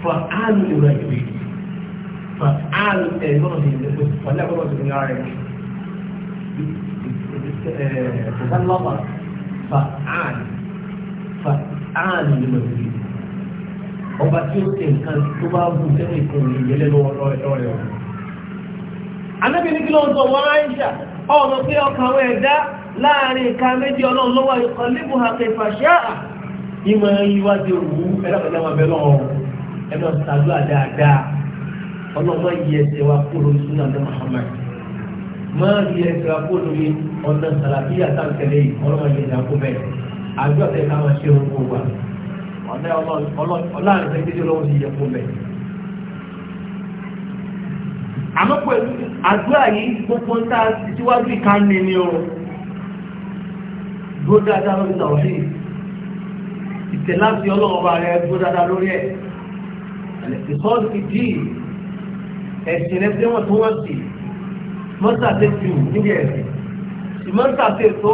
fa áàlù ìwé ìwé fa áàlù ẹ̀ lọ́nà ní ìlú pẹ̀lú ẹ̀kọ́ lọ́sẹ̀ ní ara ẹ̀ fa áàlù àánú ní pẹ̀lú ọba tí ó ṣe nǹkan tó bá bù sẹ́nu ìkùn ní ìyẹlẹ́ lọ́wọ́ rẹ̀ anábì ní kí ló ń sọ wọn ọ̀nà pé ọkàn láàrin ìka méjì ọlọ́run lọ́wọ́ hàkẹ́ ìfàṣẹ́ à ìmọ̀ ìwádìí òwú lọ́wọ́ wa máa yìí ẹsẹ̀ wa lórí ọ̀nà sàlàbíyà yìí àjọ tẹ ká ṣe ohun gbogbo ọ̀nà ọlọ́run tẹ lọ́wọ́ sí yẹ fún àmọ́ pẹ̀lú àdúrà yìí gbogbo ń tá síwájú ìka ní ni o dúró lórí sọ̀rọ̀ yìí ìtẹ̀láti ọlọ́run rẹ dúró lórí ẹ̀ ìsọ́ọ̀dù ti dì í ẹ̀sìn rẹ̀ tí wọ́n tún wọ́n sì mọ́tà tẹ̀ tù níbi ẹ̀sìn ìmọ̀tà tẹ̀ tó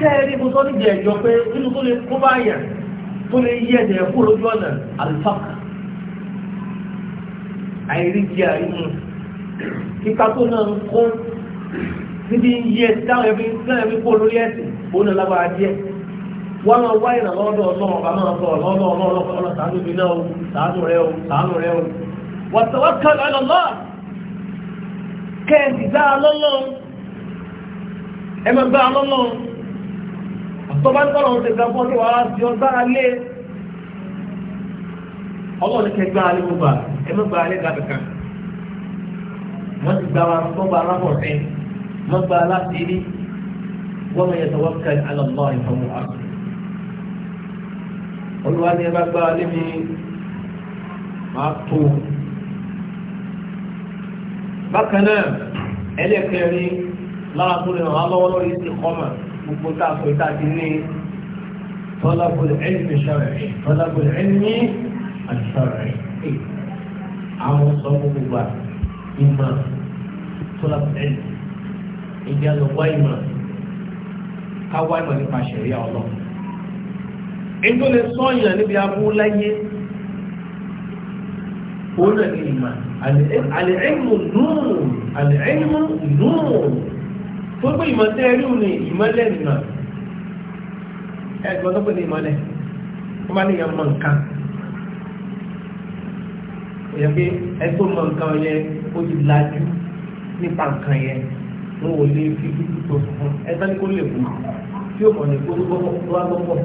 tẹ́ ẹ ní ibùsọ́ ẹ̀jọ́ pé nínú tó lè kó báyà tó lè yí ẹ̀jẹ̀ lójú ọ̀nà àlùfáà àìríjì àìmú kíkà tó náà ń kó níbi yí náà kó lórí òun náà lágbára díẹ̀ wọ́n máa ọba máa bọ̀ lọ́dọ̀ ọlọ́run ọlọ́run tó bá ń tọ́lọ̀ ń ṣe gan fún ọdún wàá fi ọ sára lé ọlọ́ọ̀ni kẹgbà alẹ́ gbogbo ẹ̀mẹ́gbà alẹ́ gàdùn kan wọ́n ti gba wa tó gba alábọ̀ọ́sẹ́ wọ́n gba aláṣẹ rí wọ́n mọ̀ yẹtọ̀ wọ́n kẹ́lẹ́ alọ́mọ́ ìfọ̀mù àgbẹ̀. olúwa ni ẹ bá gba alẹ́ mi máa tó bákan náà ẹlẹ́kẹ̀rin lára tó lè ràn án lọ́wọ́ lórí ti kọ́ gbogbo táàkù ìta ti ní tọ́lábùlù ẹ̀mí ṣọ̀rẹ̀ tọ́lábùlù ẹ̀mí àṣọ̀rẹ̀ àwọn sọ gbogbo à ìmọ̀ tọ́lábùlù ẹ̀mí ìdí àlọ́wọ́ ìmọ̀ káwá ìmọ̀ nípa ṣẹ̀ríà ọlọ́run ètò lè sọ ìyàn níbi abú láyé òun náà ní àlẹ́ ẹ̀mú nùún àlẹ́ ẹ̀mú nùún tó pé ìmọ̀tẹ́ ẹrú ni ìmọ̀lẹ̀ nìyàn ẹgbọ́n tó pé ní ìmọ̀lẹ̀ wọ́n bá níyàn mọ̀ nǹkan èyàn pé ẹ tó mọ̀ nǹkan yẹn ó ti lajú nípa nǹkan yẹn wọn ò lè fi dúdú tó fún ẹ tán ní kó lè kú tí ó mọ̀ ní kó tó wá gbọ́pọ̀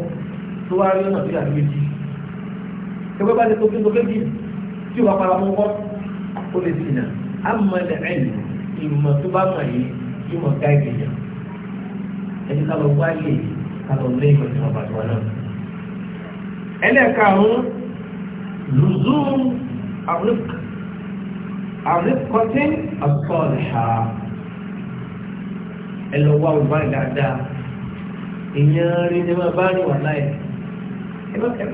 tó wá rí ọ̀nà tó yà méjì ẹgbẹ́ bá ti tó kí n tó kéjì tí ó wá para mọ́ wọ́n ó lè sìnà á mọ̀ ẹ̀ ìmọ̀ tó bá mọ̀ yìí yóò mọ̀ ká ìgbìyà ẹni ká lọ wáyé ká lọ lé ìmọ̀ ìmọ̀ bàtà náà. ẹlẹ́ẹ̀karùn-ún lùzúùm àríkọ́tín àkọọ̀lẹ̀ṣà ẹlọ́wà ọgbà dáadáa èèyàn rí ní máa bá rí wà láì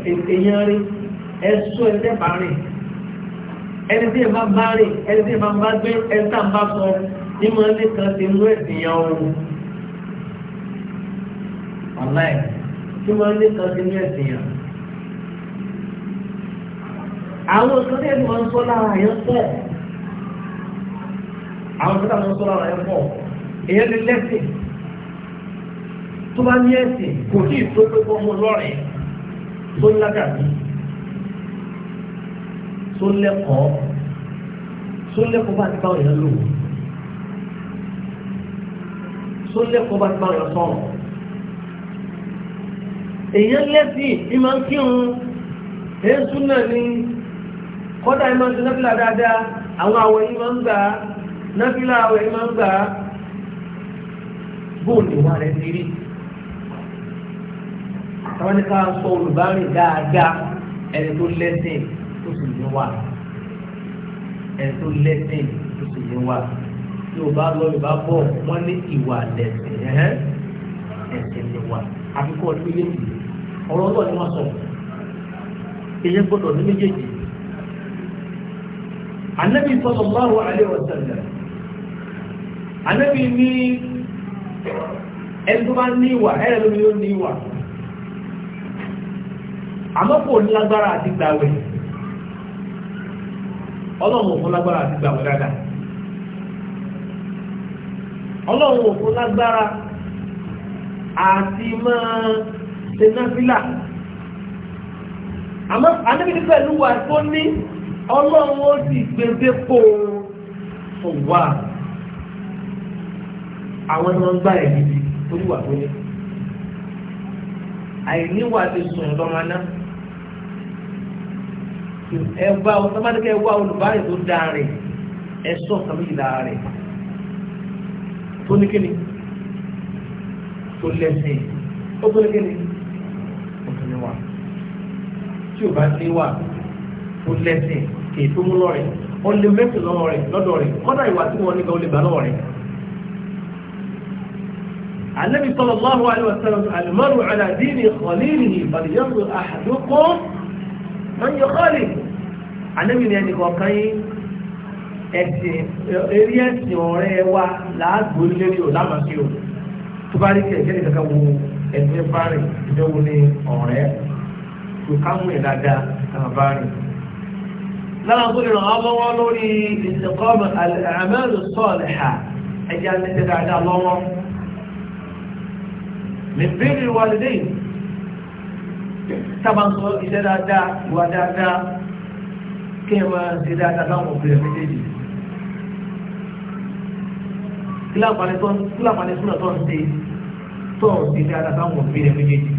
èèyàn rí ẹ̀ṣọ́ ẹ̀ṣẹ́ bá rí ẹni tí ẹ bá bá rí ẹni tí ẹ bá bá gbé ẹ̀ṣá bá sọ tí mo ní kan ti mú ẹ̀sìn yẹn o ọ̀láì tí mo ní kan ti mú ẹ̀sìn yẹn. àwọn nǹkan tí ẹ̀sìn máa ń sọ lára yẹn pọ̀ àwọn nǹkan tí ẹ̀sìn máa ń sọ lára yẹn pọ̀ èyẹ ti lẹ́sìn tó bá ní ẹ̀sìn kò tí ì tó lọ́rìn tó ń lágàbí tó lẹ́kọ̀ọ́ tó lẹ́kọ̀ọ́ bá ti bá òyìn lò wọ́n. tó lẹ́kọ̀ọ́ bá ti bá yàn èèyàn lẹ́sìn náà ni kọ́dà ìmọ̀ ń dáadáa àwọn àwọ̀ yìí máa ń gbà á àwọ̀ yìí máa ń gbà á sọ olùbárìn dáadáa ẹni tó lẹ́sìn tó sì yorùbá lọ yorùbá bọ̀ wọ́n ní ìwà lẹ̀sìn ẹ̀sìn ìwà àfikún ọdún méjèèjì ọ̀rọ̀ náà ni wọ́n sọ èyí gbọ́dọ̀ ní méjèèjì anabi sallallahu alaihi wa sallam anabi ní ẹni tó bá ní ìwà ẹ̀rẹ́ ló ní ìwà àmọ́ ní lágbára àti gbàwẹ̀ ọlọ́run fún lágbára àti gbàwẹ̀ dáadáa ọlọ́run òfin lágbára àti máa ṣe náfìlà àmọ́ anábìdí pẹ̀lú wà tó ní ọlọ́run ó sì gbèdé kó ọ̀wà àwọn ẹni wọn gbá ẹ̀ níbi torí wà tó ní àìníwà ti sùn lọ́mọ náà ẹ wá ọ sábàdìkẹ́ wá olùbárè tó dáa rẹ̀ ẹ sọ̀ kàmí ìlà rẹ̀ tó ní kíni tó lẹ́sìn ó tó ní kíni ó tó ní wà tí ò bá ní wà tó lẹ́sìn kì í tó mú lọ́rẹ̀ ó lè mẹ́sìn lọ́wọ́ rẹ̀ lọ́dọ̀ rẹ̀ kọ́dà ìwà tí wọ́n ní gan ó lè gbà lọ́wọ́ rẹ̀. النبي صلى الله عليه وسلم المرء على دين خليله فلينظر أحدكم من يخالف النبي يعني قال ẹ̀sìn eré ẹ̀sìn ọ̀rẹ́ wa láàgbò lérí ò lámàkí o tó bá rí kẹ̀kẹ́ nìkan kan wo ẹ̀sìn bá rìn ìjọ wo ni ọ̀rẹ́ tó ká mú ìdáda kan bá rìn. lára tó lè ràn án lọ́wọ́ lórí ìsìnkọ́mọ̀ àmẹ́lò sọ́ọ̀lì ha ẹ̀jẹ̀ àtẹ̀tẹ̀ dáadáa lọ́wọ́. mẹ̀bẹ́rẹ̀ wàlídé tábà ń sọ iṣẹ́ dáadáa ìwà dáadáa kí ẹ máa ṣe dáadáa láwọn òbí rẹ̀ méjèèjì kílàpàlẹ́ tó ń kílàpàlẹ́ súnà tó ń ṣe tó ń ṣe dáadáa táwọn òbí rẹ̀ méjèèjì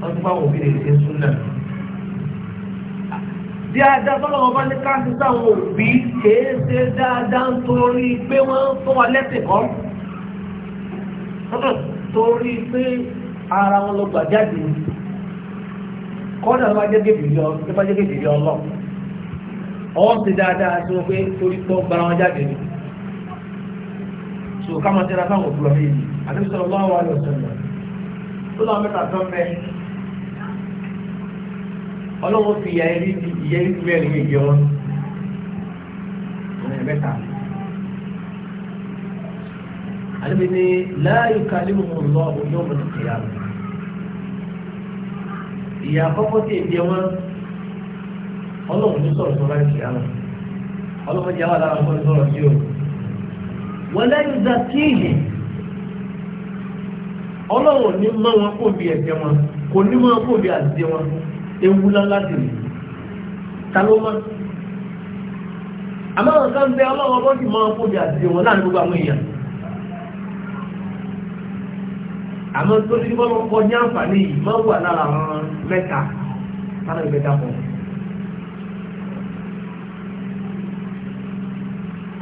wọ́n ti báwọn òbí rẹ̀ ṣe súnà. dáadáa tọ́lọ̀ wọn bá ní káàsì táwọn òbí kèé ṣe dáadáa ń torí pé wọ́n ń fún wa lẹ́sìn kọ́ torí pé ara wọn lọ gbà jáde kọ́dà ló bá jẹ́ gèbè yọ ló bá jẹ́ gèbè yọ lọ. ọwọ́ ti dáadáa tó pé torí pé ó gbara wọn jáde ni. so ká máa tẹ́ra sáwọn òfurufú méjì àti sọ̀rọ̀ lọ́wọ́ na lọ sọ̀rọ̀ tó lọ́wọ́ fi ìyá ẹni ti ìyá ẹni ti mẹ́rin méje wọn ọ̀rẹ́ mẹ́ta àdébí ni láàyè kálíwò mọ̀ lọ òní ìyá àkọ́kọ́ tí èdè wọn ọlọ́wọ́ ní sọ̀rọ̀ sọ̀rọ̀ jẹ́ wà lára o. wala yuzakihi ọlọ́run ní mọ́ wọn kò bí ẹ̀jẹ̀ wọn kò ní mọ́ wọn kò bí àṣìṣe wọn ewu lọ́la sì ni ta mọ́ àmọ́ bẹ ọlọ́run mọ́ kò bí wọn láàrin gbogbo àwọn èèyàn àmọ́ tó ní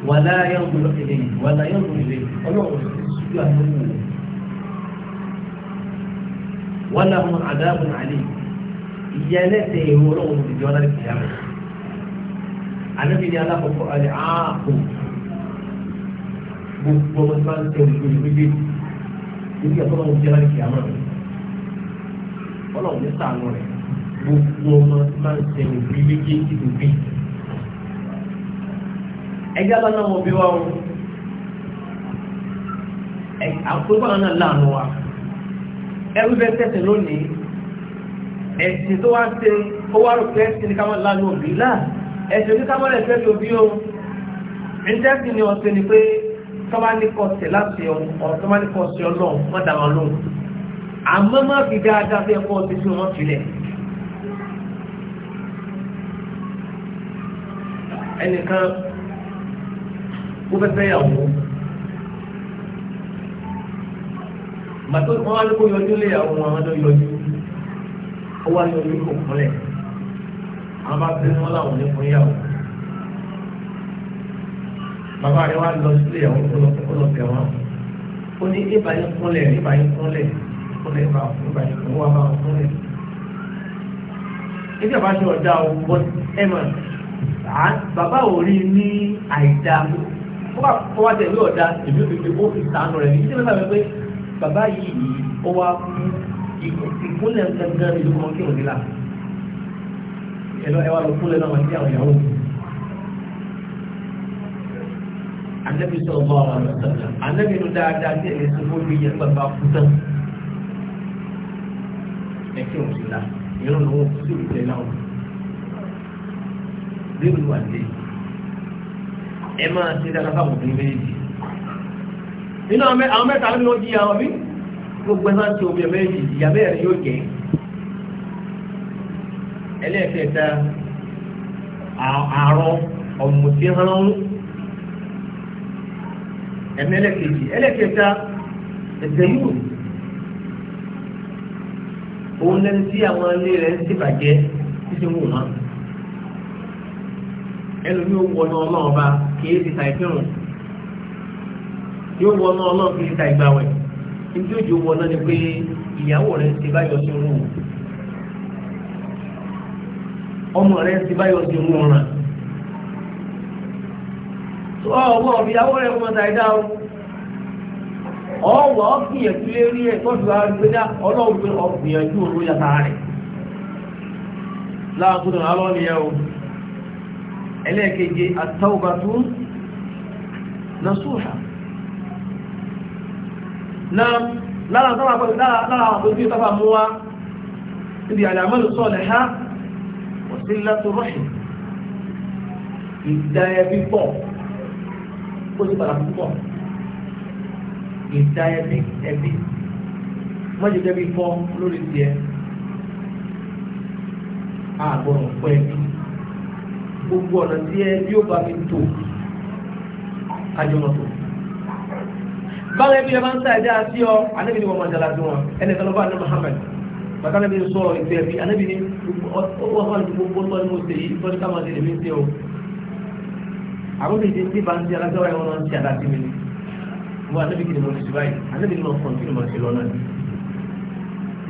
wàlá yóò gbọ́dọ̀ kéde wàlá yóò gbọ́dọ̀ kéde ọlọ́run sùkú àtọ́jú rẹ̀ wàlá hun àdáàbùn àlè ìyá ẹlẹ́sẹ̀ èrò ọlọ́run ti di ọlọ́run ti yára ànábi ni alákọ̀ọ́kọ́ alẹ́ ààbò gbogbo ọmọ tí wọ́n ti tẹ̀ olùkọ́ ìgbéjì ẹ̀kọ́ ọlọ́run ti yára ti yára ọlọ́run ti sàánú rẹ̀ gbogbo ọmọ tí wọ́n ti tẹ̀ olùkọ́ ìgbéjì ẹjẹ́ lọ́nà wọn bí wọ́n àpòpọ̀ àwọn náà láàánú wa ẹrú bẹ́ẹ̀ tẹ̀sẹ̀ lónìí ẹ̀sìn tó wá ṣe ó wá rò pé ẹ̀sìn ní ká máa láàánú òbí láà ẹ̀sìn ní ká máa lẹ̀ òbí o ìjẹ́sìn ni ọ̀sẹ̀ ni pé tọ́ba ní kọ́ ṣe láti ọ̀rọ̀ tọ́ba ní kọ́ ṣe ọlọ́run wọ́n dà wọn lóhùn àmọ́ má fi dáadáa ẹnìkan ó fẹ́ fẹ́yàwó màtó wọn wá ní kó yọjú lé àwọn ọmọ àwọn ọjọ́ yọjú ó wá yọjú kò kúnlẹ̀ àwọn bá bẹ́ẹ̀ wọn làwọn ní fún yàwó bàbá rẹ wá lọ sílé àwọn ọlọ́pẹ̀ wọn ó ní ìbáyé kúnlẹ̀ ìbáyé kúnlẹ̀ kúnlẹ̀ ìbáyé kúnlẹ̀ wọn bá wọn kúnlẹ̀ ebi àbájọ ọ̀dà ọ̀gbọ́n ẹ̀mọ̀ bàbá ò rí ní àìdáa fúnra tó wá tẹ̀lé ọ̀dá èmi ò fi ó fi sànù rẹ̀ ní ìdílé náà pé bàbá yìí ó wá ìkúnlẹ̀ gangan ìlú kan kí òní là ẹ̀lọ́ ẹwà lọ kúnlẹ̀ náà wọ́n ti àwọn ìyàwó anabi sọ̀rọ̀ bọ́ àwọn ọ̀rọ̀ sọ̀rọ̀ anabi nu dáadáa sí ẹ̀yẹ sọ fún yẹn bàbá kú ẹ̀ kí òní là ìrọ̀lọ́wọ́ sí ìtẹ̀lá ọ̀ bí ẹ máa ṣe dáadáa fáwọn obìnrin méjì nínú àwọn mẹ́ta ló di àwọn bí gbogbo ẹ̀sán ti obìnrin méjì ìyá bẹ́ẹ̀ yóò jẹ́ ẹlẹ́ẹ̀kẹta àárọ̀ ọ̀mùtí hàn ẹ̀mí ẹlẹ́kẹjì ẹlẹ́kẹta ẹ̀sẹ̀ òun lẹ́nu tí àwọn ilé rẹ̀ ń ṣèbàjẹ́ títí wù wọn. ẹlòmí ó wọ náà ọlọ́run ọba kì í ti ta ìfẹ́rùn yóò wọ ọlọ́run kì í ìgbàwẹ̀ níbi òjò wọ náà ni pé ìyàwó rẹ̀ ti báyọ̀ sí irú ọmọ rẹ̀ ti báyọ̀ sí irú ọ̀ràn tó ìyàwó ìdá tọ́jú ọlọ́run òru yàtà rẹ̀ láàtúndùn alọ́ nìyẹn o. ẹlẹ́ẹ̀kejì àtàwùbàtú nasuha na lára tó wà lára àpòjú tọ́bà mú wá níbi àlàmọ́lù sọ́ọ̀lẹ̀ ha wọ̀sí látò rọ́ṣì ìdáyẹ pípọ̀ ó ti padà púpọ̀ ìdáyẹ bí ẹbí mọ́jẹ̀dẹ́ bí fọ́ lórí tiẹ̀ àgbọ̀rọ̀ pẹ̀lú gbogbo ọ̀nà tí ẹ yóò bá fi tò àjọmọ̀tò báwọn ẹbí ẹ bá ń sa ẹ̀dá sí ọ anábì ni wọn máa jàlá sí wọn ẹni kan ló bá ní Muhammad bàtà anábì ń sọ̀rọ̀ ìfẹ́ ẹbí anábì ni wọn máa ní gbogbo tó ní mo ṣe yìí tó ní káwọn ṣe lè mí ṣe o àwọn èdè tí bá ń ṣe alágbára ẹ̀ wọn máa ń ṣe àdá sí mi ni wọn anabi kìlì mọ ṣùgbọ́n yìí anabi ni wọn kàn kìlì mọ ṣe lọ́nà ni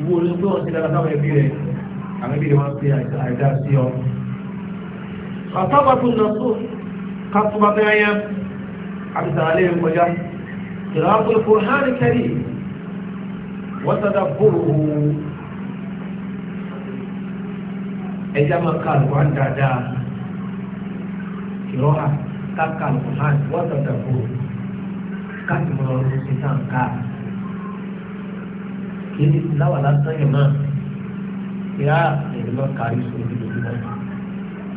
wo ló ń gbé wọn ṣe dára sáwọn ẹbí rẹ àwọn ẹbí rẹ wọn pe àìdá sí ọ fàtàbàtún náà tó kàtùbà bẹ́ẹ̀yẹn àbìsàlẹ̀ ìkọjá ìràbù al-Qur'an al-Karim wa tadabburuhu ẹjá máa ka al-Qur'an dáadáa kìrọ́hà káka al-Qur'an wa tadabburuhu káàkiri mọ́ ọdún sí sáǹkà kí ni láwàlá sọ́yìn náà ìyá ìrìnà kárí sórí ìlú náà.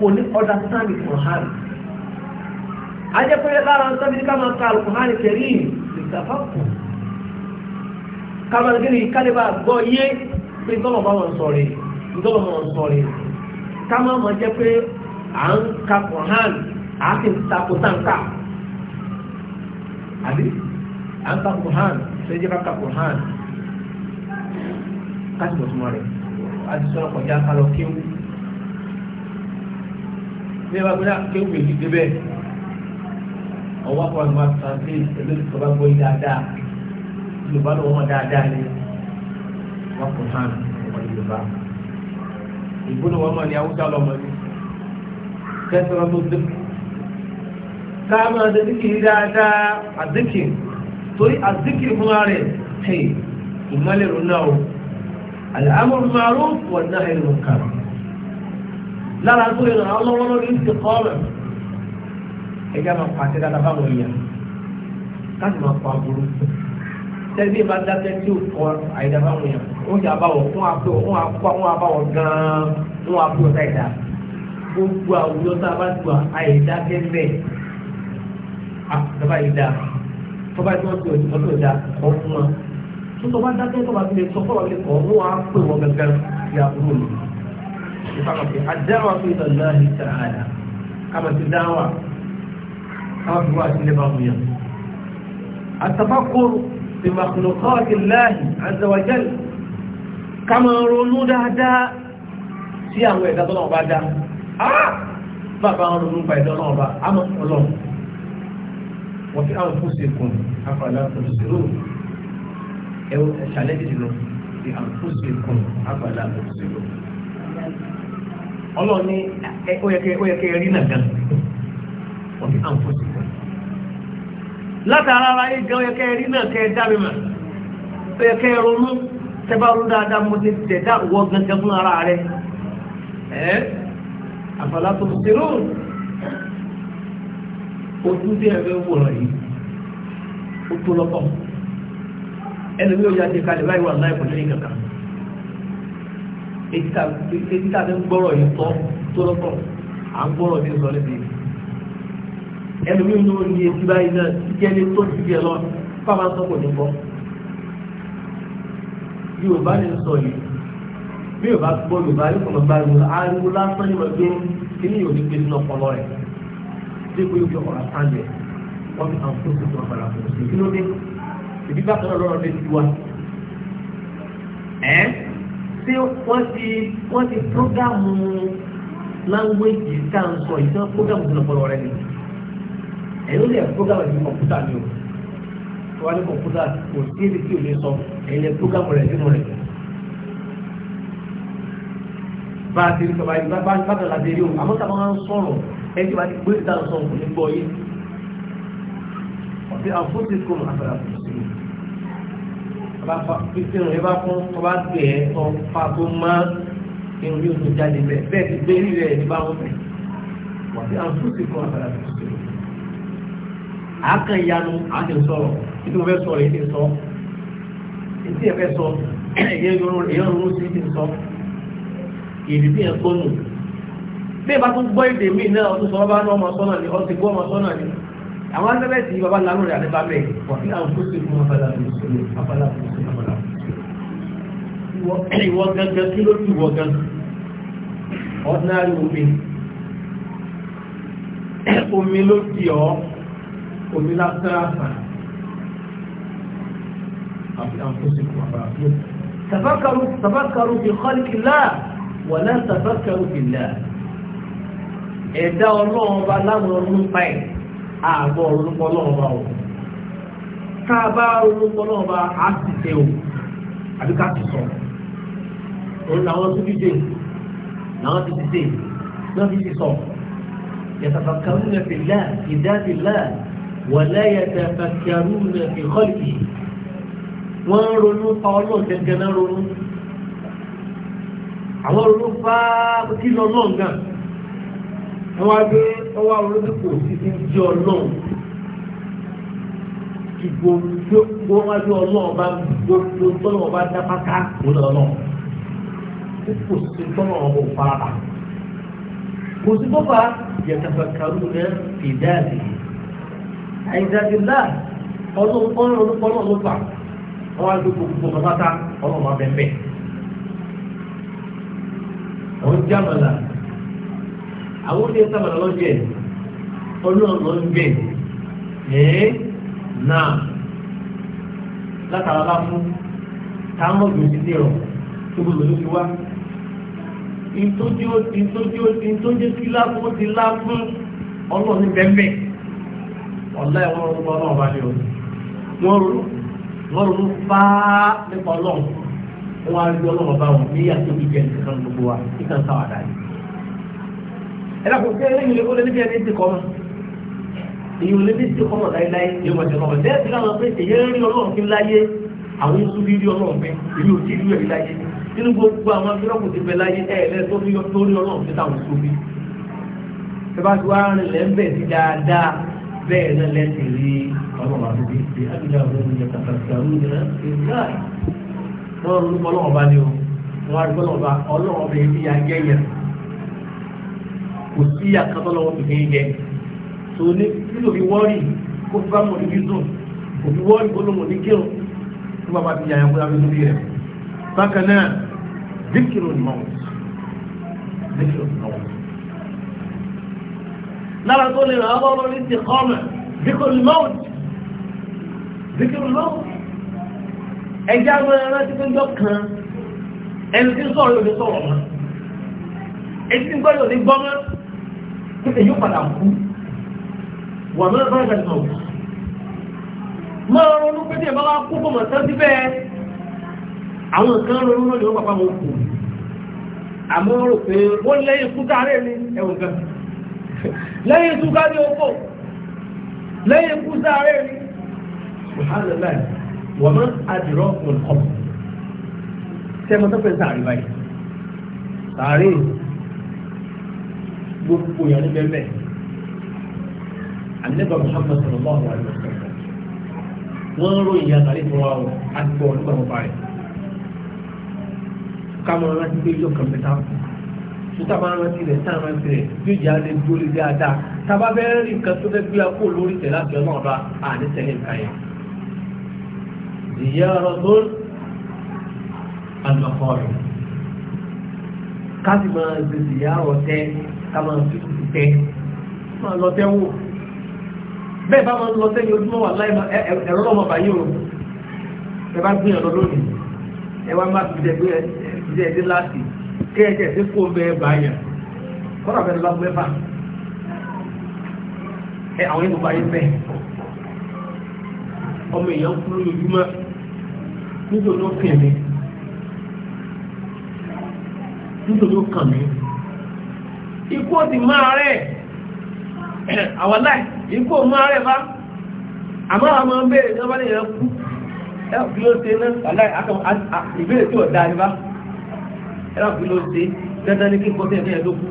kò ní understand Quran ajẹ́pẹ́lẹ́ lára ń tọ́bi ká máa ka Al-Qur'an Karim ìgbàfà kù kábàlì gírí kálíbà gbọ́ yé pé ìtọ́lọ̀ bá wọn sọ̀rọ̀ ìtọ́lọ̀ bá wọn sọ̀rọ̀ ká máa mọ̀ jẹ́ pé à ń ka Quran à ń sì takò táǹkà ń ká ní ẹbá gbọ́dá kéwù èyí débẹ̀ ọwọ́ akọ àgbà sàǹtì ẹlẹ́dì tó bá gbọ́ yí dáadáa yorùbá lọ́wọ́ wọn dáadáa ni wọ́n kò hàn ọmọ yorùbá ìgbóná wọn mọ̀ ní haúsá lọ́mọ ní kẹsàn-án tó dé káàmù àdéhìkì náà o àlẹ́ amúrú lára tó lè ràn án lọ́wọ́ lórí ìsìnkọ́ọ̀rọ̀ ẹja máa pàṣẹ dáadáa báwọn èèyàn káàdì máa pa burú tẹ́lifí bá dákẹ́ tí ó kọ àìdá báwọn èèyàn ó jà báwọ̀ fún apò fún apò fún abáwọ̀ gan-an fún apò táìdá gbogbo àwùjọ tá a bá tu àìdá kẹ́mẹ́ àtàbà ìdá tọ́ba tí wọ́n ti òjò tó dá kọ́ fún wa tó tọ́ba dákẹ́ tọ́ba ti lè sọ fọ́ọ̀rọ̀ kama fi adáwà fi lọ́lá ìta àdá kama fi dáwà kama fi wá sílẹ̀ bá mu yàn. àtàfàkùrù fi makulukọ́ọ̀tì láàyè azawajal kama ronú dáadáa sí àwọn ẹ̀dá tó náà bá dá. bàbá ah! ń pa ẹ̀dá náà bá àmọ́ ọlọ́run fi àwọn fún sèkùn afọ̀lá tó ti fi àwọn fún sèkùn ọlọ́run ní o rí náà wọ́n ti hàn fún ìsìnkú látara ara yìí gan óyẹ̀kẹ́ rí náà kẹ́ dábì mà óyẹ̀kẹ́ ronú tẹ́bárú dáadáa mo ti tẹ̀dá wọ́ gẹ́gẹ́ fún ara rẹ ẹ́ àfàlà tó ti rò ojú tí ẹgbẹ́ wò rọ̀ yìí ó tó ẹni mi ò yá ti kalẹ̀ báyìí wà láì kankan. ètí tàbí gbọ́rọ̀ yìí tọ́ tó lọ́pọ̀ à ń gbọ́rọ̀ bí sọ́lẹ̀ bí ẹlùmí ní ó ní etí báyìí náà tí jẹ́ ní tó ti bí ẹ lọ fáwọn sọ́pọ̀ ní bọ́ Yorùbá ní sọ yìí bí Yorùbá gbọ́ Yorùbá yóò kọ́ mọ́ bá Yorùbá ariwo lásán yóò gbé kí ní Yorùbá gbé sínú ọpọlọ rẹ̀ dípò yóò fi ọ̀rọ̀ sáńdẹ̀ wọ́n fi àwọn fóònù tó ọ̀pọ̀lọ àpòlọsí kí ló dé ìdí bá kan náà lọ́rọ̀ tí wọ́n ti wọ́n ti prógámù láńgbéjì tá à ń sọ yìí tí wọ́n prógámù tó lọ́pọ̀lọ́ rẹ ni ẹ̀yin lè prógámù ní kọ̀ǹpútà ni o tó wá ní kọ̀ǹpútà kò sí ibi tí o lè sọ ẹ̀yin lè prógámù rẹ nínú rẹ. bá a ti rí kaba yìí bá a kàlà dé rí o àmọ́ sábà máa ń sọ̀rọ̀ ẹni tí wàá ti gbé ìdáhùn sọ̀rọ̀ kò ní gbọ́ yìí. ọ̀sẹ̀ àfọ́sẹ̀ kò mọ̀ àfẹ́rẹ́ àfọ́sẹ̀ fífún rẹ bá fún tó bá gbé ẹ tó fa tó mọ́ irun yóò tó jáde bẹ́ẹ̀ bẹ́ẹ̀ ti gbé rí rẹ̀ ní bá wọn bẹ̀ wọ́n ti àwọn fúrúkì kan àgbàlá tó ti sọ̀rọ̀ àákàn ìyanu àti sọ̀rọ̀ títí mo fẹ́ sọ̀rọ̀ èyí ti sọ èyí ẹ fẹ́ sọ èyí ronú sí ti sọ èyí ti yẹn tó nù bí ẹ bá tún gbọ́ èdè míì náà ọdún sọ́ọ́ bá ní ọmọ sọ́nà ni ọtí gbọ́ ọmọ sọ́nà ni àwọn akẹ́kẹ́ tí baba lanu rẹ̀ àdébàbẹ̀ wọ́n ti àwọn fúrúkì kan àgbàlá tó ti ìwọ gangan kí ló ti wọ gangan ordinary omi omi ló di ọ omi lásán àsàn àfi àǹfóṣekù àbáfíà tàbákàrù tàbákàrù fi kọ́lìkìlá wà náà tàbákàrù bìlá ẹ̀dá ọlọ́run bá láwọn ọdún báyìí àgbọ̀ orúkọ ọlọ́run bá wọ̀ bá orúkọ ọlọ́run bá ti tẹ o àbí ti sọ̀rọ̀ òun làwọn tó díje làwọn ti díje náà fi ti sọ yàtàfà kàrún fi lá ìdádi lá wàlá yàtàfà kàrún fi kọ́lì wọ́n ń ronú pa ọlọ́run gẹ́gẹ́ náà ronú àwọn ronú bá kí lọ náà gan wọ́n á gbé ọwọ́ àwọn sí ti di ọlọ́run gbogbo gbogbo wájú ọlọ́run bá gbogbo tọ́lọ́run bá dá pátá kó lọ́ọ́ náà tí kò sí tọ́nà ọmọ òfarapa kò sí tó fa yàtàfà kàrú rẹ fìdáàlì àìdàdìlá ọlọ́run ọlọ́run ló fà wọ́n á gbé gbogbo bàbáta ọlọ́run máa bẹ̀ẹ̀ bẹ́ẹ̀ àwọn jẹ́ àmàlà àwọn oúnjẹ sábàlà lọ́jẹ̀ ọlọ́run ló ń gbé ẹ̀ẹ́ náà látara bá fún táwọn ọ̀gbìn ti dé tó gbogbo ló fi wá ìtójú ó ti ìtójú ó ti ìtójú sí lápò ti lápún ọlọ́ọ̀ni bẹ́ẹ̀ ọ̀la ẹ̀wọ̀n orúkọ náà bá ní o wọ́n ronú wọ́n ronú fáá nípa ọlọ́run wọ́n á rí ọlọ́run bá wọn ní yàtọ̀ ìjẹ nǹkan gbogbo wa nígbà táwọn àdáyé. ẹ dàpọ̀ pé ẹlẹ́yìn lè wọlé níbi ẹni ti kọ́ mọ́ èyí ò lè ní ti nínú gbogbo àwọn akérọ́pù ti bẹ láyé ẹ̀ẹ́lẹ́ tó fi torí ọlọ́run fi táwọn sóbi tẹ́bá tí wàá rìn lẹ́ ń bẹ̀ sí dáadáa bẹ́ẹ̀ náà lẹ́sìn rí ọlọ́run àtúbí ṣe àbíjà ọ̀rọ̀ ìyẹn kàkàkà lóyún náà ìgbà wọn rún nípa ọlọ́run bá ní o wọn rí ọlọ́run bá ọlọ́run bẹ ibi àjẹ́ yẹn kò sí àkàtọ́ lọ́wọ́ tó kéé jẹ tó ní kílò fi wọ́ọ̀rì kó fún bá mọ̀ níbi zoom kò fi wọ́ọ̀rì kó ló mọ̀ ní kírun tó bá bá ti yà zikiru mọ́ọ̀t zikiru mọ́ọ̀t lára tó lè ràn án lórí ti kọ́mẹ̀ zikiru mọ́ọ̀t zikiru mọ́ọ̀t ẹjẹ́ àwọn ẹran ti péjọ kan ẹni tí ń sọ̀rọ̀ yóò ní sọ̀rọ̀ mọ́ èyí tí ń gbọ́ yóò ní gbọ́ mọ́ títẹ̀ yóò padà kú wà mọ́ ẹ̀rọ bá ń gbà sọ̀rọ̀ máa ronú pé tí ẹ̀ bá wá kú kó mọ̀ sẹ́ńtì bẹ́ẹ̀ àwọn kan ronú lónìí wọ́n pàpá wọn kù àmọ́ rò pé wọ́n lẹ́yìn fúta rẹ̀ ní ẹ̀wọ̀n kan lẹ́yìn fúta ní oko lẹ́yìn fúta rẹ̀ ní ṣùhánàláì wọ́n máa àdìrọ́ wọn kọ́ tẹ́ mọ́tọ́ pẹ̀lú sàárì báyìí sàárì gbogbo yẹn ní bẹ́ẹ̀ àlẹ́bà Muhammad sallallahu alaihi wa sallam wọ́n ròyìn yàtàrí fún wa àti bọ̀ nígbà wọn kámọ́ rántí pé yóò kàn mẹ́ta tuta máa rántí rẹ̀ tá rántí rẹ̀ yóò jẹ́ alẹ́ gbólé dáadáa tábà bẹ́ẹ̀ rí nǹkan tó fẹ́ gbéra kó lórí tẹ̀ láti ọ̀nà ọ̀dọ́ àní tẹ̀lé nǹkan yẹn. ìyá ọ̀rọ̀ tó àlùmọ̀kọ́ rẹ̀ káàsì máa ṣe ìyá ọ̀tẹ́ ká máa fi kùtù tẹ́ máa lọ tẹ́ wò bẹ́ẹ̀ bá máa lọ tẹ́ ní ojúmọ́ wà láì ẹ̀rọ lọ́mọ bàyí o ẹ ẹ ìdí ẹ̀dí láti kẹ́ẹ̀kẹ́ sí kó bẹ́ẹ̀ báyà kọ́nà bẹ́ẹ̀ lọ́gbọ́n mẹ́fà ẹ àwọn yìí bàbá yìí bẹ́ẹ̀ ọmọ èèyàn kú lójoojúmọ́ nítorí ó kẹ̀ mí nítorí ó kàn mí ikú ó ti máa rẹ̀ àwọn láì ikú ó máa rẹ̀ bá àmọ́ àwọn ọmọ bẹ́ẹ̀ ní wọ́n bá lè yẹn kú ẹ̀ kí ló ṣe náà ìbéèrè tí ò dáa ní bá ẹ̀rọ̀fí ló ṣe dandan ní kí pọ́tẹ́ ẹ̀mí ẹ̀dógún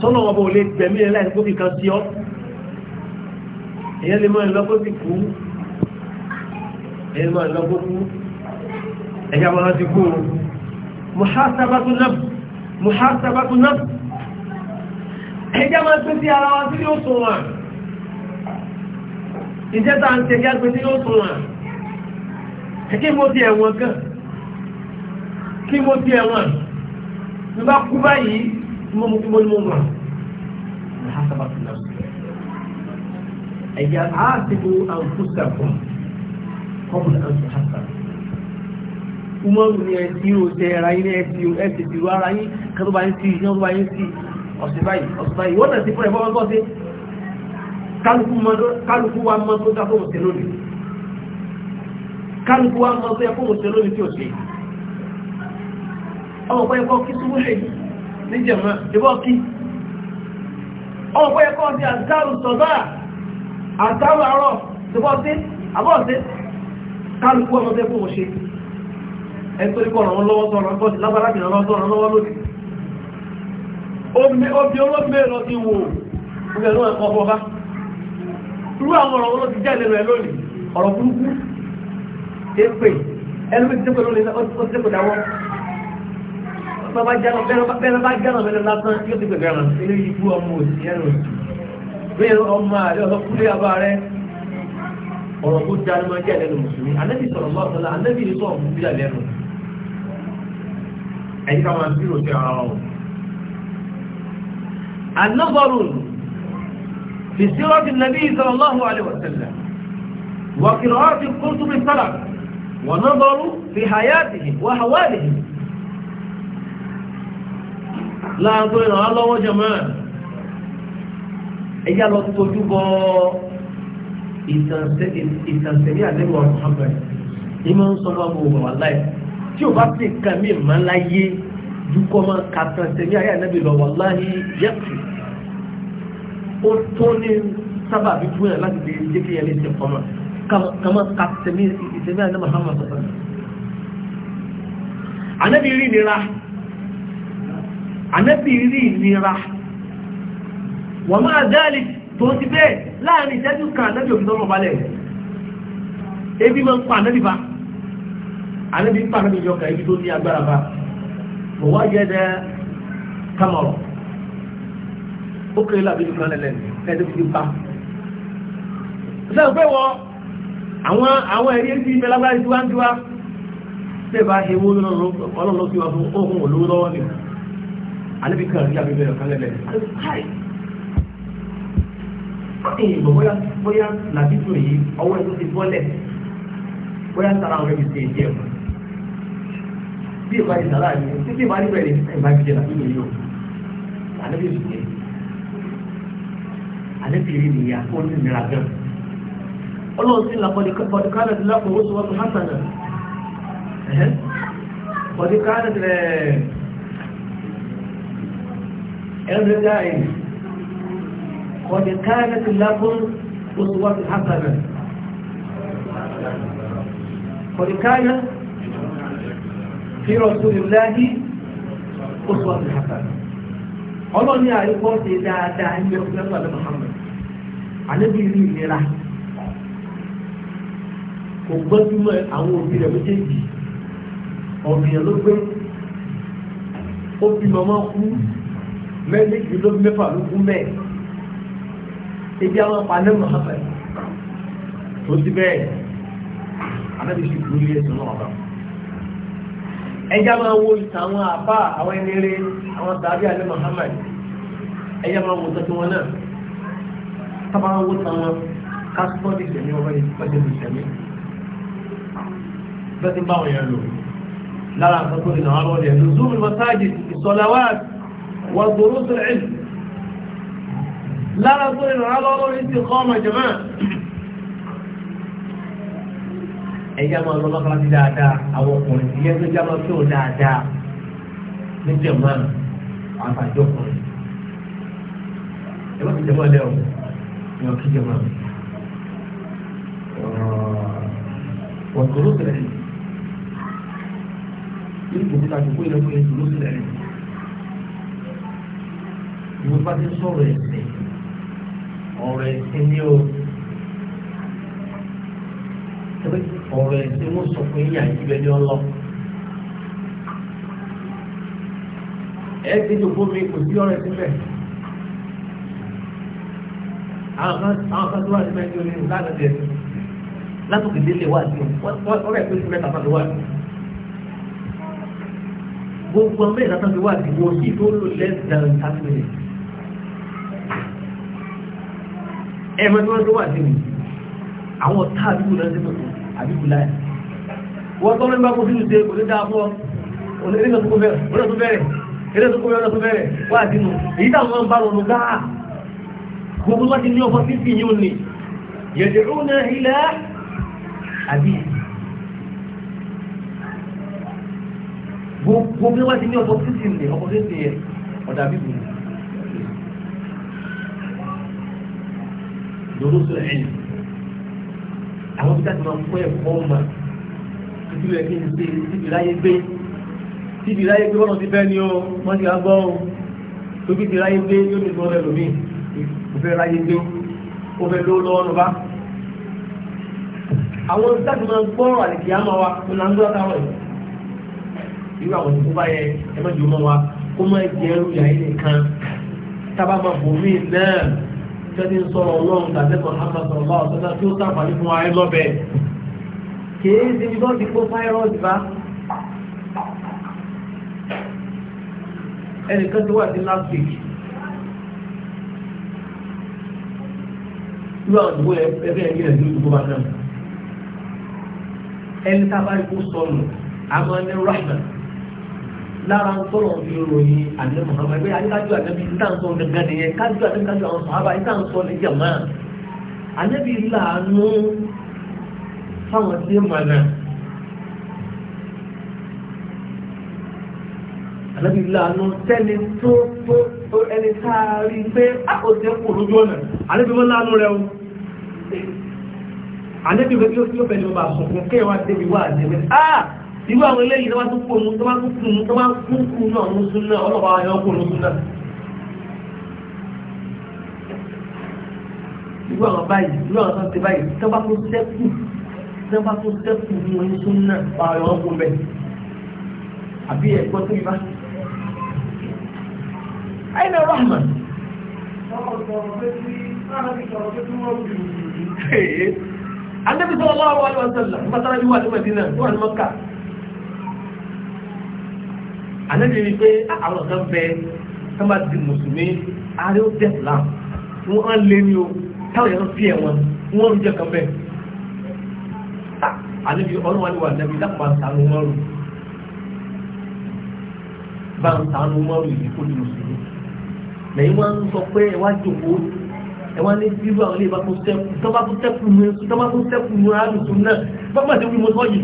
sọ́nà ọmọ ò lè gbẹ̀mí ẹ̀ láì kófì kan sí ọ́ èyàn lè mọ́ ìlọ́gbó ti kú èyàn mọ́ ìlọ́gbó kú ẹ̀yà mọ́ ti kú muhasabatu nafs muhasabatu nafs ẹjá máa pín sí ara wa sí yóò sùn wà ìjẹta ń tẹ̀yà pín sí yóò ẹ̀kí mo ti ẹ̀wọ̀n kan kí mo ti ẹ̀wọ̀n tí bá kú báyìí tí mo mú kí mo ní mo mọ̀ ẹ̀yà àásìkò àǹkóṣà fún kọ́bùn àǹkóṣà umaru ni ẹ̀sìn ó tẹ ara yín ẹ̀sìn ẹ̀sìn ti rú ara yín kẹ́tọ́ bá yín sí iná tó bá yín sí ọ̀sẹ̀ báyìí ọ̀sẹ̀ báyìí wọ́n náà ti fún ẹ̀fọ́ ọgbọ́n sí kálukú wa mọ́ tó dá fóun tẹ lónìí kálukú wa mọ́ tó yẹ fóun tẹ lónìí tí ò sí ọmọ ọ̀pọ̀ ẹ̀kọ́ kí súnmọ́lẹ̀ ní jẹ̀mọ́ ìbọ́ kí ọmọ ọ̀pọ̀ ẹ̀kọ́ ti àtàrù sọ̀bá àtàrù àárọ̀ ṣùgbọ́n sí àbọ̀ọ̀sẹ́ kálukú ọmọ tẹ́ fún òṣè ẹ̀tọ́ ikọ̀ ọ̀rọ̀ lọ́wọ́ sọ̀rọ̀ ọkọ̀ sí lábára bìnrin lọ́wọ́ sọ̀rọ̀ lọ́wọ́ lónìí obì olóògbé lọ ti wò ọgbẹ̀ ló ẹ̀kọ́ ọba irú àwọn ọ̀rọ̀ wọn ti jáde rẹ̀ lónìí ọ̀rọ̀ burúkú ẹ̀pẹ̀ ẹlẹ́mẹ̀tẹ́pẹ̀ lónìí ó ti bàbá jáná bẹ́ẹ̀ bá jáná bẹ́ẹ̀ lásán yóò ti gbẹ̀gbẹ̀ rán ilé ibú ọmọ òsì ẹ̀rọ bẹ́ẹ̀ ọmọ àrẹ ọlọ́kùnrin àbá rẹ ọ̀rọ̀ tó dáa ní máa jẹ́ ẹ̀lẹ́nu mùsùlùmí anábì sọ̀rọ̀ máa sọ̀rọ̀ anábì ní sọ̀rọ̀ fún bíyà lẹ́nu ẹ̀yí ká máa bírò sí ara wọn. anábọ̀rùn fi sírọ́ọ̀tì nàbí sallallahu alaihi wa sallam wà kìrọ̀ọ́tì kúrútùmí sálà wà nábọ̀rù fi hayatihi wà hawalihi láàbọ̀ ìràn alọ́wọ́ jẹ̀mọ́ ẹjá lọ tójú bọ ìtànsẹ̀rí àdéhùn Muhammad ní máa ń sọ bá bọ̀ wà láì tí o bá ti kà mí má láyé dúkọ́ máa ka tànsẹ̀rí ayé ànábì lọ wà láì yẹ́pù ó tó ní sábàbí fún yàn láti lè jẹ́ kí yẹn lè ṣe fọ́mà kama ka tẹ̀mí ànẹ́bì rí ìnira wọ́n máa dáàlì tó ti bẹ́ẹ̀ láàrin ìṣẹ́jú kan ànẹ́bì òfin tọ́lọ̀ balẹ̀ ebi máa ń pa ànẹ́bì bá ànẹ́bì ń pa ànẹ́bì yọkà ibi tó ní agbára bá mọ̀ wá jẹ́ dẹ́ kámọ̀rọ̀ ó kéré bi ní kan lẹ́lẹ́ ẹ̀ẹ́dẹ́ fi bi sẹ́yìn pé wọ àwọn àwọn ẹ̀rí sí ibẹ̀ lágbára ìdíwájúwá tẹ́ẹ̀ bá ohun alẹ́bí kan rí abẹ́bẹ́ rẹ̀ kan lẹ́lẹ́ káì ẹ̀yìn ìgbọ̀ bóyá bóyá làbísọ̀ yìí ọwọ́ ẹ̀ tó ti bọ́lẹ̀ bóyá sara àwọn ẹbí ti ẹ̀jẹ̀ mọ́ bí ìbá yìí sara yìí títí ìbá níbẹ̀ ni ìbá yìí jẹ làbísọ̀ yìí o alẹ́bí sùn yìí alẹ́bí rí mi yá ó ní ìnira gan ọlọ́run sí la pọ̀dùkálẹ̀ ti lápò owó sọ́wọ́ tó hásánà pọ̀dùkálẹ̀ ti lẹ́ẹ̀ every time قد كانت لكم أسوة حسنة قد كانت في رسول الله أسوة حسنة ọlọ́run ní àríkọ́ ṣe dáadáa ní ọdún lẹ́gbàá lẹ́gbàá Muhammad alẹ́bí rí ìlera kò gbọ́ àwọn òbí rẹ̀ méjèèjì ọ̀gbìn ló gbé ó bímọ máa kú méjì ló mẹ́fà ló kú mẹ́ẹ̀ ebi àwọn apanẹ́ Muhammad tó ti bẹ́ẹ̀ anábì sì kú ilé ẹ̀sùn náà kan ẹjá máa wo ìtàn àwọn àbá àwọn ẹni rẹ àwọn tàbí alẹ́ Muhammad ẹjá máa wo tọ́jú wọn náà tábà wo táwọn kásítọ́ọ̀dì ìṣẹ̀mí ọ̀rọ̀ ìpẹ́jẹ́ ìṣẹ̀mí bẹ́ẹ̀ ti bá wọn yẹn lò lára àkọ́kọ́ ìnáwó àwọn ọ̀rẹ́ lò zúmi mọ́sáàjì ودروس العلم lára tó ìrìn àlọ́ lórí ti kọ́ ọmọ jẹ́mọ́ ẹ̀yà máa lọ lọ́kọ́ láti dáadáa àwọn ọkùnrin ìyẹn tó já máa tó dáadáa ní jẹ̀mọ́ àtàjọ ọkùnrin ẹ̀rọ ti jẹ̀mọ́ lẹ́wọ̀ ni wọ́n kí jẹ̀mọ́ wọ́n tó ló tẹ̀lé ní ìgbòho tàbí kó ìrẹ́kùnrin tó ló tẹ̀lé tí wọ́n bá ti sọ̀rọ̀ ẹ̀sìn ọ̀rọ̀ ẹ̀sìn ni o ọ̀rọ̀ ẹ̀sìn wọ́n sọ fún yíyà ìgbẹ́ ní ọlọ́ ẹ ti dògbò mi kò sí ọ̀rọ̀ ẹ̀sìn bẹ́ẹ̀ àwọn kan tó wà ní mẹ́jọ ní ìlànà jẹ látòkè délé wà sí ọ̀rẹ́ tó ti mẹ́ta tó wà gbogbo ọmọ ìlànà wà sí wọ́n sì tó lò less than thirty minutes. ẹ̀mọ́ tí wọ́n tó wà sí mi àwọn ọ̀tá àdúgbò náà sí pẹ̀lú àdúgbò láì wọ́n tọ́ lórí bá kó sínú ṣe kò ní dáa fún ọ ilé tó kó bẹ̀rẹ̀ ilé tó bẹ̀rẹ̀ ilé tó bẹ̀rẹ̀ wà sínú èyí táwọn máa ń bá lọ lọ gáà gbogbo wá ti ní ọkọ̀ sí sí yóò ní yẹ̀dẹ̀ ó náà ilẹ̀ lọ́dún sọ̀rọ̀ ẹ̀yìn àwọn bí táti máa ń kọ́ ẹ̀kọ́ ọ̀ma títí rẹ̀ kí n ṣe síbi láyé gbé síbi láyé gbé wọ́n ti fẹ́ ni ó wọ́n ti gbọ́ ọ́ tóbi ti láyé gbé yóò ní sọ́ọ́ lẹ́nu mi kò fẹ́ láyé gbé ó fẹ́ ló lọ́wọ́ lọ́ba. àwọn bí táti máa ń gbọ́ ọ̀rọ̀ àlèkè àmọ́ wa ó náà ń gbọ́ káwọn yìí irú àwọn tó bá yẹ ẹ má jù mọ́ wa kó má jẹ́ ẹrú yàrá nìkan tábà máa bò mí náà tẹ́lí ń sọ̀rọ̀ ọlọ́run tàbẹ́kọ̀ náà sọ̀rọ̀ bá ọ̀tọ́lá tí ó sàǹfààní fún ayé lọ́bẹ̀ kìí ṣe ibi tó ti kó fáírọ́ọ̀sì bá ẹnìkan tó wà ní last week ló àwọn ìdìbò ẹgbẹ́ ẹ̀yìn rẹ̀ nínú ìdìbò bá náà ẹni tá a bá rí kó sọnù àmọ́ ẹni rahman lára ń sọ̀rọ̀ bí ròyìn àlẹ́ mọ̀nàmọ́ ẹgbẹ́ ayékájú àdẹ́bí ìtàǹsọ gangan nìyẹn kájú àdẹ́bí kájú àwọn sọ̀hábà ìtàǹsọ ní jàmá àdẹ́bí làánú fáwọn tí ó mọ̀nà àdẹ́bí làánú tẹ́ni tó tó ẹni káàrí pé àkọsẹ́ kò lójú ọ̀nà àdẹ́bí wọn lánú rẹ o àdẹ́bí wọn tí ó bẹ̀rẹ̀ wọn bá sọ̀kún kéwàá débi wá àdẹ́bí ah irú àwọn eléyìí tó bá tún kún un tó bá tún kún un tó bá tún kún un náà ń sún náà ọlọ́pàá ayọ́ kún un sún náà. irú àwọn báyìí irú àwọn tó ti báyìí tó bá tún sẹ́kù tó bá tún sẹ́kù ní oní sún náà ọlọ́pàá ayọ́ kún bẹ́ẹ̀. àbí ẹ̀kọ́ tó ibà. ayé náà rahman. Ànábì sallallahu alaihi wasallam nígbà tára yíwá ní Mẹ́dínà tó wà ní Mọ́kà àlejò rí pé ah, àwọn kan bẹ tó bá di mùsùlùmí ààrẹ ó dẹ̀ fúlà wọ́n lé ní o táwọn èèyàn fi ẹ̀wọ̀n wọ́n rú jẹ́ kan bẹ́ẹ̀ ah, àlejò ọ̀rọ̀ wa ni wà nẹ́bí dákùn bá ń sànú mọ́rù bá ń sànú mọ́rù yìí kó di mùsùlùmí lẹ́yìn wọn ń sọ pé ẹwà jòkó ẹwà ní bíbú àwọn ilé ìbá tó sẹ́kù tọ́ba tó sẹ́kù mú tọ́ba tó sẹ́kù mú alùsùn náà bá pàṣẹ wí mo sọ yìí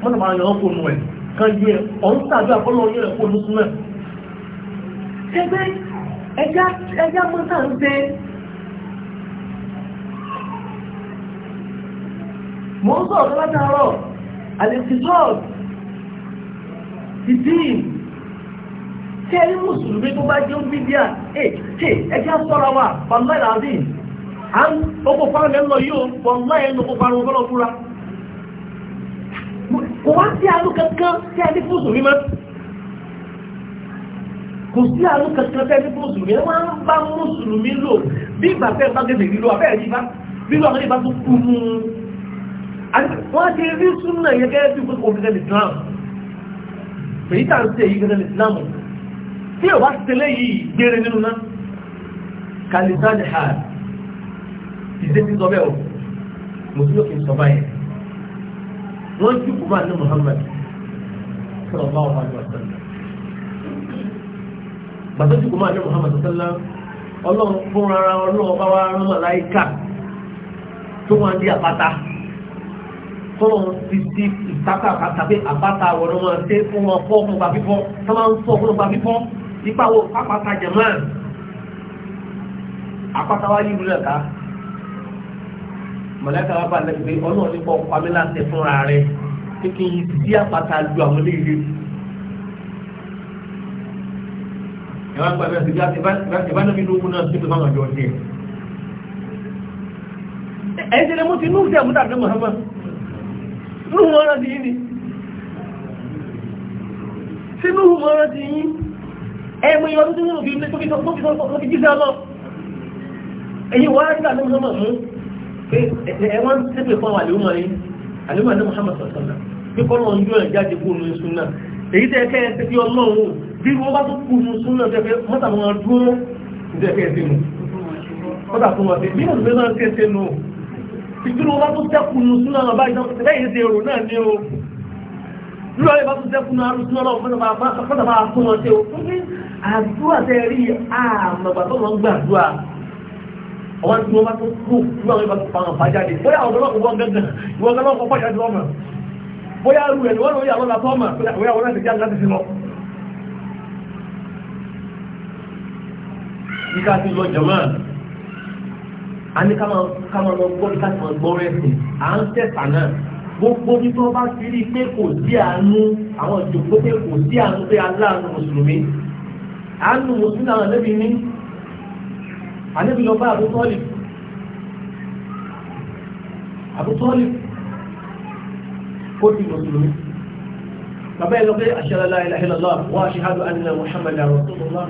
wọ́n náà máa yọ ọ́ fóònù ẹ̀ kan yẹ ọ̀n tàbí àkọ́lọ́ yẹ ẹ̀kọ́ ló súnmọ́ ẹgbẹ́ ẹjá mọ́ta ń gbé mọ́ ń sọ̀rọ̀ látàárọ̀ alexisọ́ọ̀ ìdín tí ẹni mùsùlùmí tó bá jẹ́ bíbíà ẹjá sọ́ra wà pàmílẹ̀ àdín àwọn ọkọ̀ fáránlẹ̀ lọ yóò pọ̀ láyé ẹnu ọkọ̀ fáránlẹ̀ fúra kò wá sí àánú kankan tí a ní fún mùsùlùmí mọ́ kò sí àánú kankan tí a ní fún mùsùlùmí ẹ máa ń bá mùsùlùmí lò bí ìgbà fẹ́ bá gẹ̀gẹ̀ lílo abẹ́rẹ́ yìí bá lílo àwọn ìbá tó kú mú wọ́n ti rí súnà yẹ gẹ́gẹ́ bí kò gẹ́gẹ́ Islam èyí tà ń ṣe èyí gẹ́gẹ́ Islam tí ò bá tẹ́lẹ̀ yìí gbére nínú náà kalisan hàn ìdẹ́sí sọ bẹ́ẹ̀ o mùsùlùmí sọ báyìí wọ́n jù kú máa ní Muhammad sọ̀rọ̀ bá wà ní ọ̀sán. bàtà jù kú máa ní Muhammad sọ̀lá ọlọ́run fún rárá ọlọ́run bá wà rán màláìkà tó wà ní àpáta tọ́lọ̀ ti di ìtàkà tàbí àpáta àwọn ọmọ ṣe fún wọn fọ́ fún gbàgbífọ́ tó máa ń fọ́ fún gbàgbífọ́ ipa wo pápáta jẹ̀ máa àpáta wá yìí lulẹ̀ ká mọ̀lẹ́ka wá bá lẹ́yìn pé ọlọ́run nípa ọ̀pá mi láti fúnra rẹ̀ pé kí n sí àpáta lu àwọn eléyìí. ìwà ń gbàgbé ṣùgbọ́n ìbánúmi ló kún náà sí ìbámu àjọ ọ̀dẹ́. ẹ̀yin ti lè mú ti inú ìdí àmúdà àbúrò Muhammad inú wọn rántí yín ni sínú wọn rántí yín ẹ̀mọ ìyọ̀dún tí wọ́n fi jíṣẹ́ lọ ẹ̀yin wọ́n rántí àbúrò Muhammad pé ẹwọ́n tẹ́pẹ̀ fún àwọn àlèúmọ̀ yìí àlèúmọ̀ ní Muhammad sọ̀tọ̀nà bí kọ́ lọ́n yóò jáde kú ní súnà èyí tẹ́ kẹ́ ẹ̀sẹ̀ bí ọlọ́run bí wọ́n bá tó kú ní súnà tẹ́fẹ́ mọ́tà wọn dúró ìdẹ́fẹ́ ẹ̀sẹ̀ nù mọ́tà fún wọn bí wọ́n fẹ́ máa kẹ́sẹ̀ nù ìdúró wọn bá tó tẹ́kù ní súnà náà báyìí lẹ́yìn ti èrò náà ní o lúwọ́ yẹn bá tó tẹ́kù ní arúgbó náà mọ́tà máa fún wọn ṣe o àdúrà tẹ́ rí àmọ̀gbà tó lọ gbàdúrà àwọn tí wọ́n bá tó kú nígbà wọn bá tó fara fà jáde bóyá àwọn ọ̀dọ́ wọn gẹ́gẹ́ ìwọ̀n gẹ́gẹ́ wọn pàṣẹ àtúwọ̀n mọ̀ bóyá rú ẹ̀ wọ́n lórí àwọn làtọ́ mọ̀ bóyá wọn láti jáde láti sí lọ. Ìka ti lọ jọ̀mọ́ a ní ká máa lọ gbọ́ ká máa gbọ́ rẹ̀ sí à ń tẹ̀sà gbogbo bí bá ti rí i pé kò sí àánú àwọn ìjòkó pé kò sí àánú pé aláàánú mùsùlùmí àánú mùsùlùmí àwọn ẹlẹ́bí àníbi lọ bá àbútọ́lì àbútọ́lì ó ti mùsùlùmí bàbá ẹ̀ lọ pé ashhadu la ilaha illallah wa ashhadu anna muhammadan rasulullah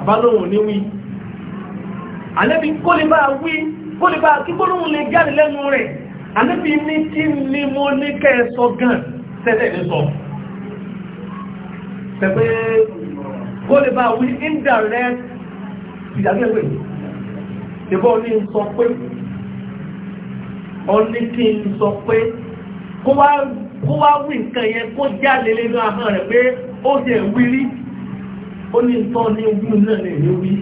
àbálòhùn ní wí àníbi kó lè bá wí kó lè bá kí gbólóhùn lè jáde lẹ́nu rẹ̀ àníbi ní kí ni kó lè bá wí indirect ìdágẹ́gbẹ̀ ìbọ́ ní sọ pé ọní kí n sọ pé kó wá wí nǹkan yẹn kó jáde lẹ́nu ahọ́n rẹ̀ pé ó jẹ́ wírí ó ní tọ́ ní wú náà lè ní wí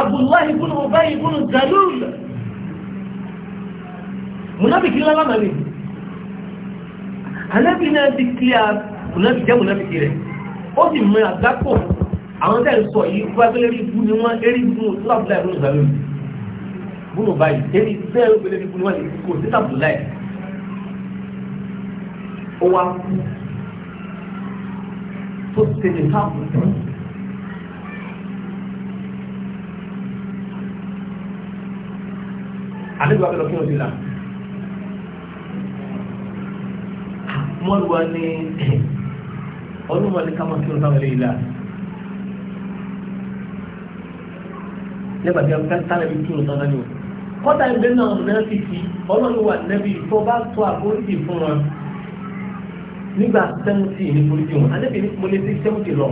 Abdullahi ibn Ubay ibn Zalul munafiki lọ́lọ́mọ̀ ni Ànábì náà ti clear mùnáfi jẹ́ mùnáfi kiri ó sì mọ àgbákò àwọn tẹ́ ń sọ yìí wá pé lérí ibú ni wọ́n lérí ibú lábùláì ló ń sọ lónìí bùnú báyìí lérí bẹ́ẹ̀ ló pé lérí ibú ni wọ́n lè kó sí lábùláì ó wá kú tó ti tẹ̀lé káàkùn àdébò ọdún wọn ni ká táwọn eléyìí la nígbà tí a táwọn ẹbí kírun tán lẹ́nu kọ́tà ẹgbẹ́ náà náà ti fi ọlọ́run wà nẹ́bí tó bá tó àforíjì fún wọn nígbà sẹ́wọ́ntì ní foríjì wọn alẹ́ bí ní mo lè fi sẹ́wọ́ntì lọ.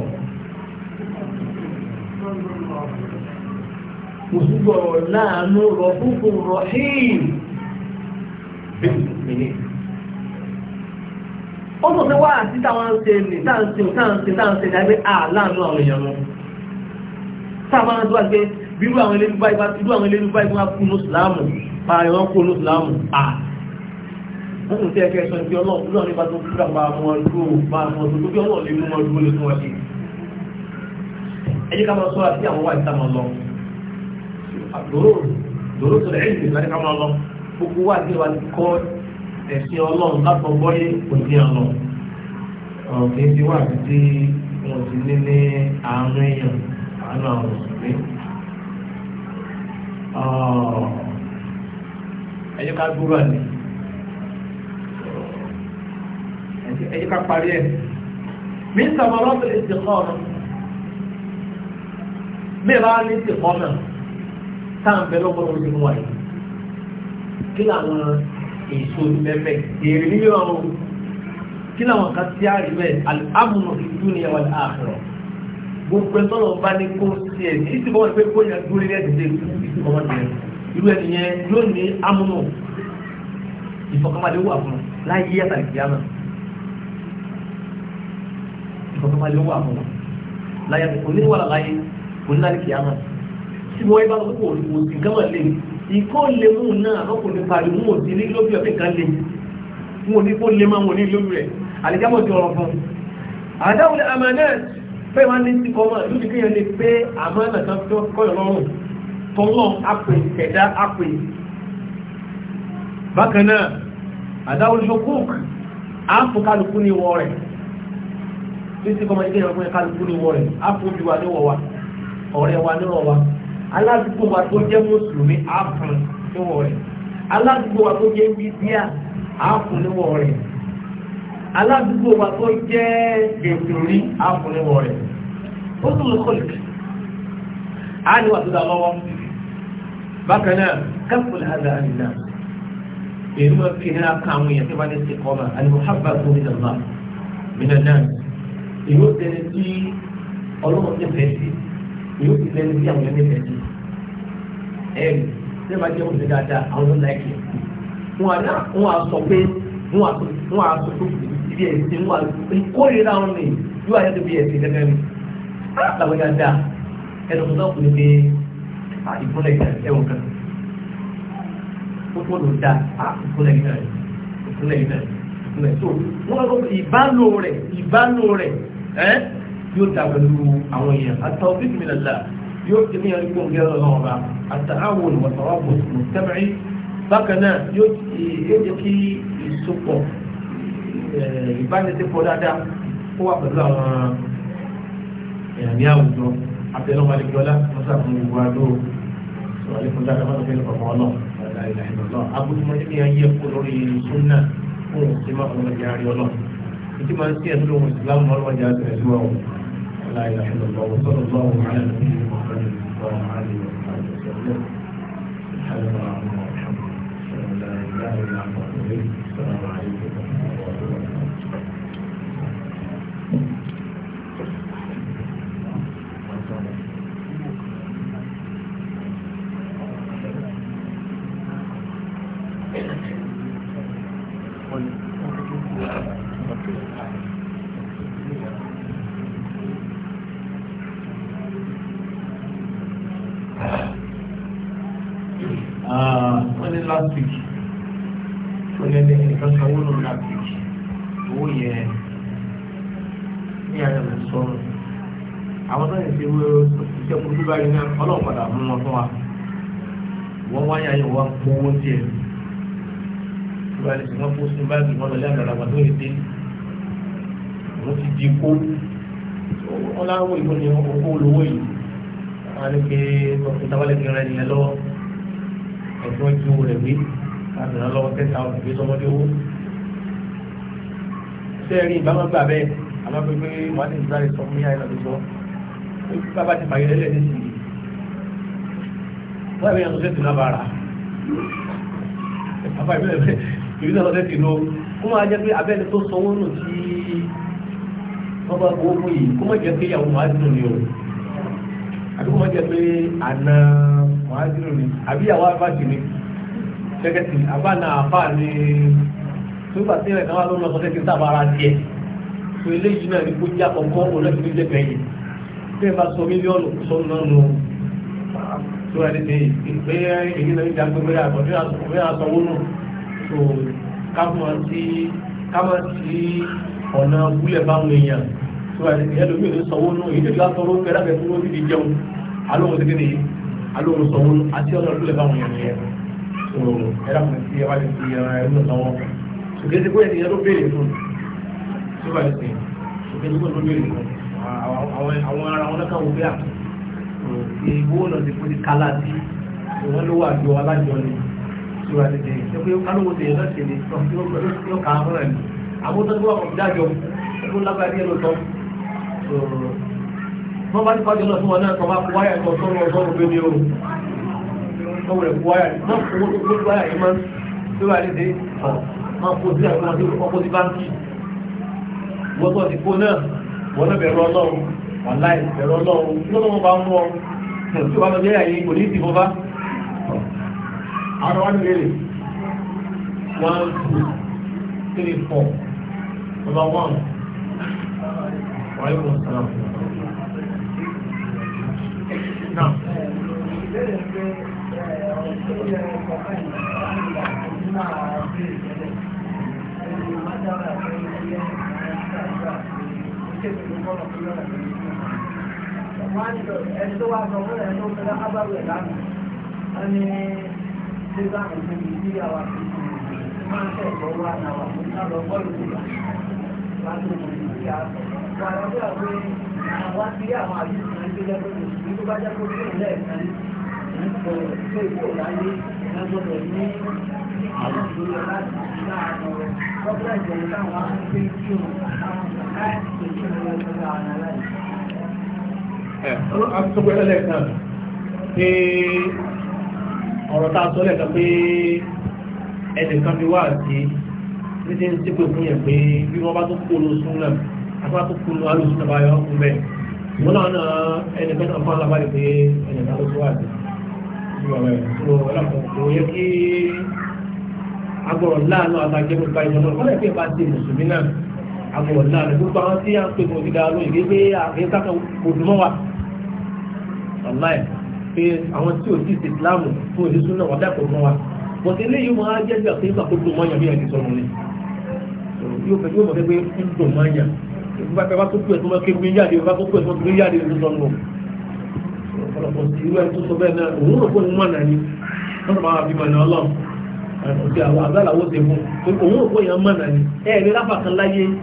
mo sì gbọ́rọ̀ láàánú rọ̀ fúnfún rọ̀ híì. ó tó fẹ́ wá àti táwọn ń ṣe nì táǹsì táǹsì táǹsì ní agbé àláàánú àwọn èèyàn wọn sáàmà ń tọ́wà pé bírú àwọn ilé dúbá ibá ti dú àwọn ilé dúbá ibá kú ní ìsìláàmù para ìwọ́n kú ní ìsìláàmù à wọ́n kò tẹ́ ẹ̀kẹ́ sọ ibi ọlọ́run lọ́run nípa tó kúrò bá wọn dúró bá wọn tó bí ọlọ́run lè mú wọn dúró lè fún wọn ṣe ẹ jẹ́ ká máa sọ́ra sí àwọn wà ìta máa lọ dòró dòró sọ̀rọ̀ ẹ̀yìn ìgbà ní ká máa lọ gbogbo wà ní ìwà ní kọ́ọ̀tù tẹ̀sí ọlọ́run látọgbọ́yé kò ní ọlọ́ ọ̀rọ̀ kì í ti wà títí wọn ti lé ní àánú èèyàn àánú àwọn òṣèré. ẹ jẹ́ ká gbúrò àlè ẹ ká parí ẹ̀. mi ń sọ̀rọ̀ lọ́sọ̀rọ̀ èsì kọ́ ọ̀nà mi bá ní èsì kọ́ ọ̀nà táà ń bẹ lọ́gbọ́n ojú wa yìí kí làwọn èso mẹ́mẹ́ èrè nílé ọrùn kí làwọn kan tí a rí bẹ́ẹ̀ alámùnà ìlú ni ẹwà ààrọ̀ gbogbo ẹ̀ tọ́lọ̀ bá ní kó sí ẹ̀ ní ìsìnkú wọn pé kó yẹ dúró ní ẹ̀sìn tẹ́lẹ̀ ìsìnkú wọn tẹ́lẹ̀ irú ẹni yẹn yóò ní amúnà ìfọkànbalẹ̀ wà fún láyé àtàkì àmà ìfọkànbalẹ̀ wà fún láyé kò ní wà láyé kò ní láyé kì ìkó lè mú náà lọ́kù ní parí mú òdí ní lóbi ọ̀fẹ́ kan lè mú òní kó lè máa wọ ní lóbi rẹ̀ àlẹ́jámọ̀ ti ọ̀rọ̀ fún un àdáwọlé àmàlẹ́ pé wọ́n ní ti kọ́mọ̀ lóbi kéèyàn lè pé àmàlà kan tó kọ́yọ̀ lọ́rùn tọ́lọ́ àpè ẹ̀dá àpè bákan náà àdáwọlé ṣokúùkù àáfò kálukú ní wọ rẹ̀ títí kọ́mọ̀ ilé ìrọ̀kùnrin kálukú ní wọ rẹ̀ àáfò bí wa ní wọ̀ wa ọ̀rẹ́ wa ní wọ̀ wa aládùúgbò wa tó jẹ́ mùsùlùmí àfún níwọ̀ rẹ̀ aládùúgbò wa tó jẹ́ bíbíà àfún níwọ̀ rẹ̀ aládùúgbò wa tó jẹ́ gbèbìrì àfún níwọ̀ rẹ̀ ó tún lọ kọ́lẹ̀kì á ní wà tó dá lọ́wọ́ bákan náà kẹ́kọ̀ọ́ àdá àdìdá èyí máa fi hẹ́rẹ́ ká àwọn èèyàn tó bá ní sí kọ́mà alimuhabba tó ní dàgbà mìíràn náà èyí ó tẹ̀lé tí ọlọ́run ti sí èyí ó ti tẹ̀lé tí àwọn èèyàn ti sí ẹ̀rù tí wọ́n bá jẹ́ oúnjẹ dáadáa àwọn ló láìpẹ́ wọn á sọ pé wọn á sọ pé ibi ẹ̀sìn wọn á kórìíra wọn ni yóò wá yàtọ̀ bí ẹ̀sìn gẹ́gẹ́ mi alábàá dáadáa ẹnu tó náà kò ní pé ìfúnlẹ̀ ẹ̀wọ̀n kan ó tó lò dá ìfúnlẹ̀ ìfúnlẹ̀ ìfúnlẹ̀ ìfúnlẹ̀ tó wọ́n lọ ìbálò rẹ̀ ìbálò rẹ̀ ẹ́ yóò dá pẹ̀lú àwọn èèyàn àtàwọn bí kìmìlà yóò ti ní ẹni gbòǹgẹ́ ọlọ́run ọba التعاون والترابط المتبعي فكان يجي السكر آه، يبان تفولادا هو بزار يعني يوم جو عبد الله مالك ولا مصاب من بوادو سؤال يقول لك ماذا في الله لا إله إلا الله أبو تمرين يعني يقول لي سنة هو كما هو مجاري الله إنتي ما نسي أدلو مسلم هو مجاري الله لا إله إلا الله وصلى الله على نبينا محمد وعلى آله وصحبه وبركاته الحمد لله رب العالمين والحمد لله رب العالمين báyìí náà ọlọ́run padà mú wọn fún wa wọ́n wá yáyọ̀ wọ́n kó owó tiẹ̀ ìbáraẹni wọ́n kó sínú báàgì wọn lọ́lẹ́ àgbàlagbà tó lè dé wọ́n ti di kó wọ́n láwọ̀ ìbò ni wọ́n kó olówó yìí wọ́n á ní pé ìtawálẹ̀ fi rẹ̀ nìyẹn lọ́wọ́ ẹ̀fọn ju rẹ̀ gbé àbẹ̀rẹ̀ lọ́wọ́ tẹ́ta òkùnkùn sọmọdé owó sẹ́ẹ̀rì ìbámu gbà bẹ́ẹ̀ àmọ́ pé pé wọ́n á ní ìbáraẹni sọ fún yàrá ìlànà bàbá ti fàyè lẹ́lẹ̀ ní sí wọ́n ẹ̀mí ẹ̀sọ́sẹ́ tì náà bára bàbá ìbílẹ̀ ìbílẹ̀ ìbílẹ̀ ọ̀sẹ̀ tì náà kó máa jẹ́ pé abẹ́ni tó sanwó nù tí wọ́n bá owó fún yìí kó má jẹ́ pé ìyàwó máa dùn ní o àbí kó má jẹ́ pé àna máa dùn ní àbí ìyàwó abájì ni gẹ́gẹ́ tì abána àbá ni tó bá tẹ́lẹ̀ kan wá lọ́nà ọ̀sẹ̀ tì náà bára díẹ̀ so eléyìí náà ni kó jẹ́ àkọ́kọ́ òun náà bí ẹ bá sọ mílíọ̀nù sọ nánu tó ẹni tẹ ìpè èyí náà ń jà pé bẹ́ẹ̀ àkọ́jú àkọ́jú àsanwó nù tó kámọ́ sí kámọ́ sí ọ̀nà wúlẹ̀ báwọn èèyàn tó ẹni tẹ ẹlòmí ò ní sanwó nù èyí tó lásán ló fẹ́ lábẹ́ fún òbí jẹun alóhùn ti kéde alóhùn sanwó nù àti ọ̀nà wúlẹ̀ báwọn èèyàn tó ẹ̀rọ sí ẹwà lè fi ẹ̀rọ sanwó ṣùgbọ́n ti kó ènìyàn ló béèrè fún tó ẹni tẹ kó ènìyàn ló béèrè fún àwọn ara wọn lọ́kàn wò bí à ìwó ọ̀nà ti fún ti kálá sí ìwọ́n ló wà jọ alájọ ni ìṣúra ti dé ṣe pé kálówó ti yẹ lọ́sẹ̀ ni tí ó kà á rẹ̀ ni àbótọ́ tó wà kọ̀ dájọ́ tó lágbàá díẹ̀ lọ́tọ́ wọ́n bá ti pàdé lọ fún wọn náà kọmá kó wáyà kan sọ́rọ̀ ọ̀sọ́rọ̀ gbé ní o ọwọ́ rẹ̀ kó wáyà náà kó kó wáyà yìí máa ń tó wà léde máa kó sí àwọn ọmọdé ọkọ̀ sí báńkì wọ́n tó ti kó náà wọ́n náà bẹ̀rù ọlọ́run one two three four number one wàhálà ìwọ̀n sàlám. Thank you ẹni tó wá sọ fún ẹni tó fẹ́ lábàrú ẹ̀ lánàá wọ́n ní sígbà òfin ìdí àwà máa ń tẹ̀kọ́ wá náwà fún náà bọ́ọ̀lù nígbà láti òfin ìdí àtọ̀. wọ́n àwọn bí àwọn àwọn ti rí àwọn àdúgbò náà gbé lẹ́gbẹ̀ẹ́ ní tó bá jẹ́ kó tó lẹ́ẹ̀kan ní kò tó ìkó láyé lọ́gbọ̀dọ̀ ní àwọn ìlú láti ìlú àwọn rẹ̀ lọ́gbọ̀dọ̀ ìjọba àwọn àti pé kí òun àwọn ọ̀gá ìṣèjì àtúntọ́gbẹ́lẹ̀ kan pé ọ̀rọ̀ tá a sọ lẹ́ẹ̀kan pé ẹnìkan fi wá àti títí ń sípò fún yẹn pé bí wọ́n bá tó kólo sún náà apá tó kólo alùsùn náà bá yọ ọkùn bẹ́ẹ̀ wọ́n náà náà ẹnìkan náà fún alábàlẹ̀ pé ẹnìkan ló tó wà dé ìwọ̀n ọ̀làpọ̀ kò yẹ kí agbọ̀rọ̀ wọ́n lè àwọn ọ̀nà àti gbogbo àwọn tí a ń pè mọ̀ sí dáa lóyìn gbé àgbẹ̀ sákan òdùmọ́ wa ọ̀láì pé àwọn tí ò sí ti Islam fún òṣì súnà wà dákọ̀ mọ́ wa bọ̀ sí eléyìí máa jẹ́ bí àti ìgbà gbogbo mọ́ yàrá ìdí sọ̀rọ̀ ni yóò fẹ́ yóò mọ̀ pé ń dùn mọ́ yà bá fẹ́ bá tó pẹ̀ tó mọ́ kébí yáde bá tó pẹ̀ tó kébí yáde ìdí sọ̀rọ̀ ọ̀pọ̀lọpọ̀ sí irú ẹni tó sọ bẹ́ẹ̀ náà òun rò fún mọ́ nàní wọ́n tó máa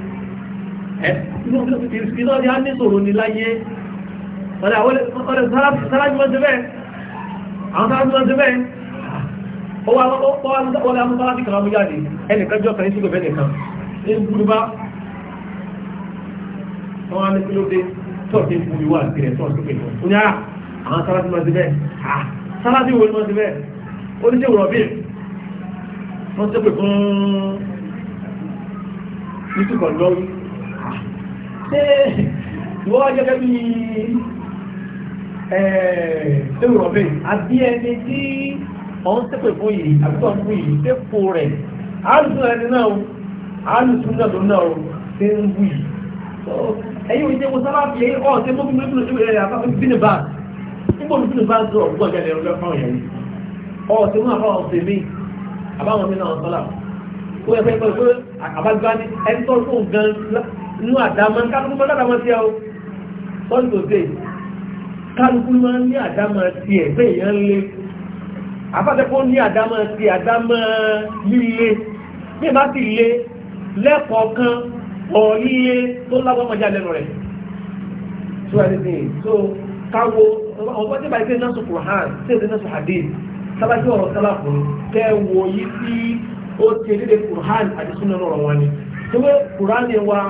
ìrọ̀ ni a ní sọ̀rọ̀ ní láyé ọ̀rẹ́ tọ́ọ̀tí ìfúnwíwà àti rẹ̀ tọ́ọ̀tí pẹ̀lú oníyà àwọn sáláàtí máa ti bẹ́ẹ̀ sáláàtí ìwòrán máa ti bẹ́ẹ̀ oníṣẹ́ ìwòrán bí wọ́n tẹ́pẹ̀ fún nítùkọ̀ lọ́wọ́ ṣe wọ́n gẹ́gẹ́ bí ẹ̀ẹ́rọ̀bẹ̀ àbí ẹni tí ọ̀n tẹ́pẹ̀ fún yìí àbíkọ̀ fún yìí tẹ́pọ̀ rẹ̀ alùsùn ẹni náà alùsùn náà ló náà ṣe ń wù yìí ẹ̀yìn òjẹ́ mo sábà fi ẹ̀yìn ọ̀ tẹ́ mọ́bí mọ́bí mọ́bí rẹ̀ àpapọ̀ bínú bá nígbà òbí bínú bá ń sọ ọ̀gbọ́n gẹ́gẹ́ rẹ̀ fáwọn yẹn ọ̀ tẹ́ mọ́ àbáwọn ọ̀sẹ̀ mi àbáwọn mi náà sọ́là ó yẹ fẹ́ pẹ́ pé àbájúwá ní ẹni tó ń gan inú àdámọ́ kálukú máa dáadáa sí ọ sọ́ọ̀tì tó dé ní àdámọ́ sí ẹ̀ èèyàn lé afáṣẹ́kọ́ ní àdámọ́ sí àdámọ́ líle bí ìbá sì lé lẹ́kọ̀ọ̀kan ọ̀ọ́líye tó lágbọ́n lẹ́nu rẹ̀ so tí bá wo àti súnmọ́ ọ̀rọ̀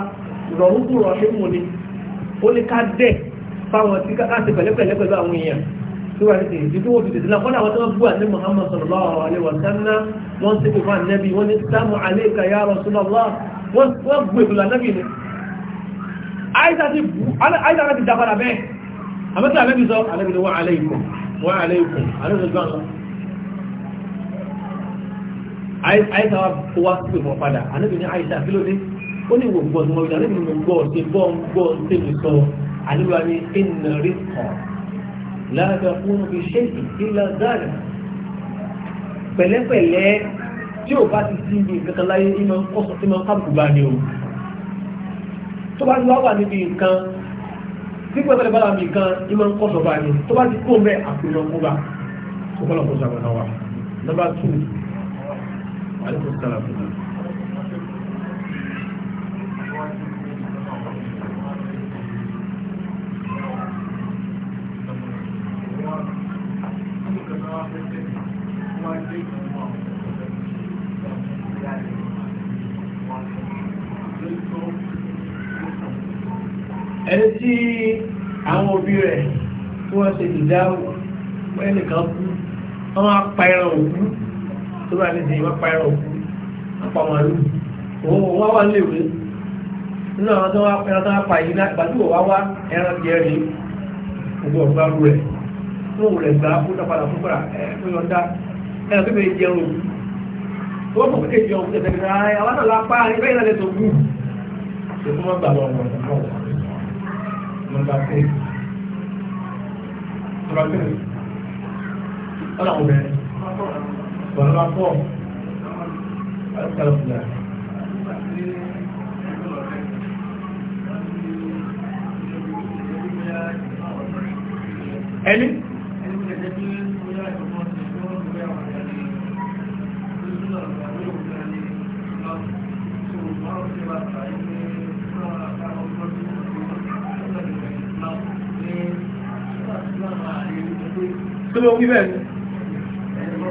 rọrùkù rọ̀ṣẹ́ mú ni ó ní ká dẹ̀ fáwọn tí ká ṣe pẹ̀lẹ́pẹ̀lẹ́ pẹ̀lú àwọn èèyàn tí wọ́n ti di tí Muhammad sallallahu alaihi wa sallam wọ́n ti kò fún ànábì alayka ya Rasulullah wọ́n gbé ìlú ànábì ni àìsà ti dábàdà bẹ́ẹ̀ àmọ́tí ànábì sọ ànábì ni wa alaykum wa alaykum ànábì sọ gbọ́n lọ àìsà wa kó wá sí ìmọ̀ padà ànábì ni àìsà ó ní wò gbọ́ ìmọ̀ ìdàlẹ́ mi gbọ́ ṣe bọ́ ń gbọ́ ṣe lè sọ àníwá ní ìnà rí kàn láàbà fún fi ṣe ìdílé dáàrẹ̀ pẹ̀lẹ́pẹ̀lẹ́ tí ò bá ti sí ibi nǹkan láyé ìmọ̀ kọ́sọ̀ tí wọ́n kábù bá ní o tó bá ti wá wà níbi nǹkan tí pẹ̀lẹ́pẹ̀lẹ́ bá wà níbi nǹkan ìmọ̀ kọ́sọ̀ bá ní tó bá ti kó mẹ́ àpòyọ̀ kó bá kó kọ́lọ̀ kó sàgbọ̀nà wa nọ́mbà 2 alaikum salaam ṣe ìdáwò ẹnìkan kú wọ́n máa pa ẹran òkú tó bá ní ìdíyìn wọ́n pa ẹran òkú apá wọn lù òun wọ́n wá léwé nínú àwọn tó wá ẹran tó wá pa yìí náà ìgbàdúgbò wá wá ẹran jẹ rí ògbó ọgbà rú rẹ̀ wọ́n wò rẹ̀ gbà kó náà padà fún padà ẹ̀ fún yọ̀ǹda ẹran jẹun òkú wọ́n mọ̀ Ìrọ̀lẹ́ ọ̀nà obìnrin, bọ̀lá bá pọ̀, ọ̀sẹ̀lẹ̀ fúlẹ̀. Ẹni? tó ló wí bẹ́ẹ̀ Àpẹẹrẹ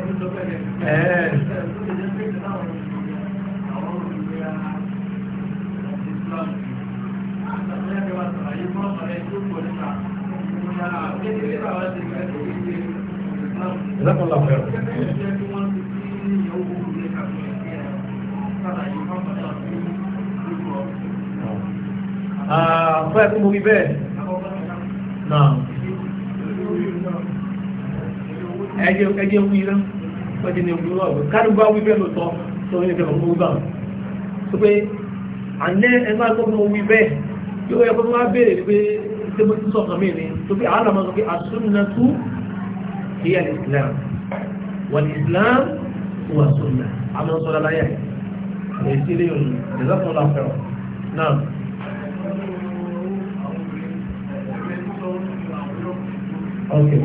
ah, tí mo rí bẹ́ẹ̀. Náà ẹjẹ́ wí rán ọjọ́ ní ìwúrọ̀ ọ̀gbọ̀n kárùgbà wíbẹ̀ ló tọ́ tó ní ìfẹ́ ọmọ ọgbà tó pé àlẹ́ ẹgbẹ́ agbọ́gbọ́ wí bẹ́ẹ̀ yóò yẹ kó má béèrè pé tí mo ti sọ̀kan mí ni tó pé àwọn àmọ́ sọ pé as-sunnatu hiya al-islam wal-islam huwa as-sunnah àmọ́ sọ̀rọ̀ láyà èyí sí ilé òní ìlọ́kùnrin láfẹ́rọ̀ náà Okay.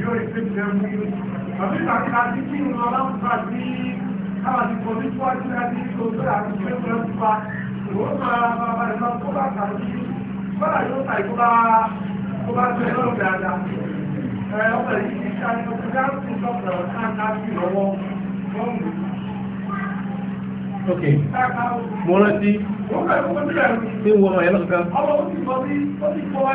yóò ṣe jẹ mú tàbí tàbí àti kí n lọ láwùjọ àti káwàtí kò ní tó àti láti tó tó àti tó tó ń fa òun máa bàbá rẹ̀ máa kó bá kàwé kọ́là yóò ta ìkó bá kó bá tó ẹlọ́rùn dáadáa ẹ̀ ọ̀pẹ̀ yìí ti ṣàní ọkọ̀ dáàbò sọ̀rọ̀ káàkà sí lọ́wọ́ lọ́mù. ok mo rántí tí wọ́n máa yẹ lọ́kàn. ọlọ́run ti sọ bí ó ti kọ́ wá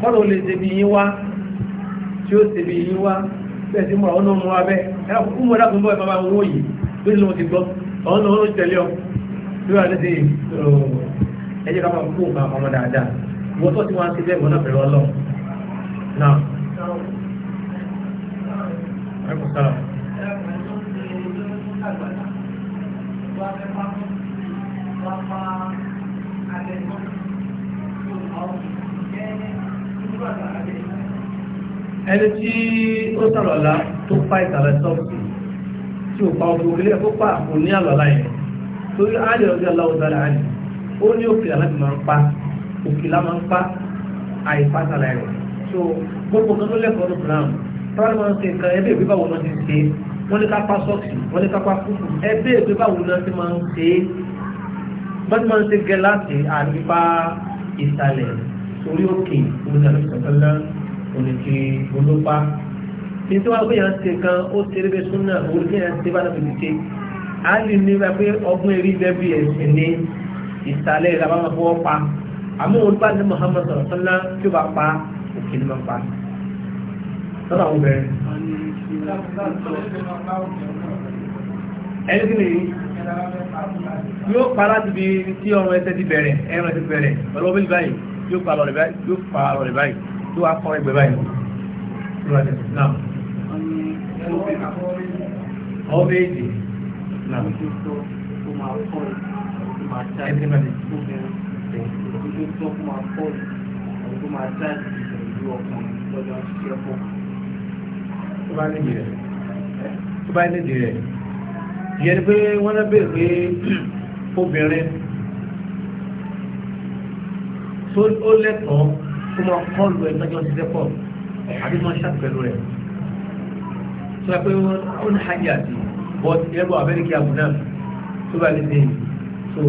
kọ́rọ̀ lè ṣe bí yín wá tí ó ṣe bí yín wá bẹ́ẹ̀ tí múra ọ̀nà ọmọ abẹ́ ẹ̀rọ kúkú mọ́ra fún bọ́ẹ̀ bàbá owó yìí lórí lóun ti gbọ́ ọ̀nà ọ̀nà tẹ̀lé ọ wọ́n ti Thank you. ẹni tí ó sàlọ̀lá tó pa ìtàlẹ̀ sọ́ọ̀tì tí ò pa ọkùnrin òkèlè tó pa kò ní àlọ́lá yẹn torí àlè ọjọ́ aláwọ̀ dára àlè ó ní òkèlè láti máa ń pa òkèlè máa ń pa àìpátàlà rẹ̀ so gbogbo kan tó lẹ́kọ̀ọ́ ní brown brown máa ń ṣe nǹkan ẹbí ìgbé báwo náà ti ṣe wọ́n ní ká pa sọ́ọ̀tì wọ́n ní ká pa fúfú ẹbí ìgbé báwo náà ti máa ń ṣe wọ́n ti máa ń ṣe gẹ́láàtì àti pa ìsàlẹ̀ orí òkè olùdarí sọ̀tọ́lá oníkè olópa títí wàá gbéyàn ṣe kan ó ṣe rébé súnà orí kéèyàn ṣe bá lọ́pọ̀ ṣe á lè ní wá pé ọgbọ́n eré bẹ́bí ẹ̀sìn ní ìsàlẹ̀ ìlàbámà fọwọ́ pa àmọ́ òun bá ní Muhammad sọ̀tọ́lá tí ó bá pa òkè ní máa pa lọ́dọ̀ àwọn obìnrin ẹni tí nìyí yóò pa láti bí tí ọrùn ẹsẹ̀ ti bẹ̀rẹ̀ ẹrùn ẹsẹ̀ ti bẹ̀rẹ̀ pẹ̀lú ọbẹ̀ báyìí yóò fa lọ́rẹ̀ báyìí yóò fa lọ́rẹ̀ báyìí yóò wá kọ́ ẹgbẹ̀ báyìí. ọ̀bẹ̀ẹ̀dì tó bá ní ìdí rẹ̀ yẹn ni pé wọ́n náà bèèrè pé obìnrin tó ó lẹ́tọ̀ọ́ kó máa kọlu ẹ̀ lọ́jọ́ sí dẹ́pọ̀ àbí máa ṣàpè pẹ̀lú rẹ̀ tó pé ó ní hajj àti bọ́ọ̀tì ẹ̀rọ abẹ́rẹ́kì àbùdá tó bá lè dé so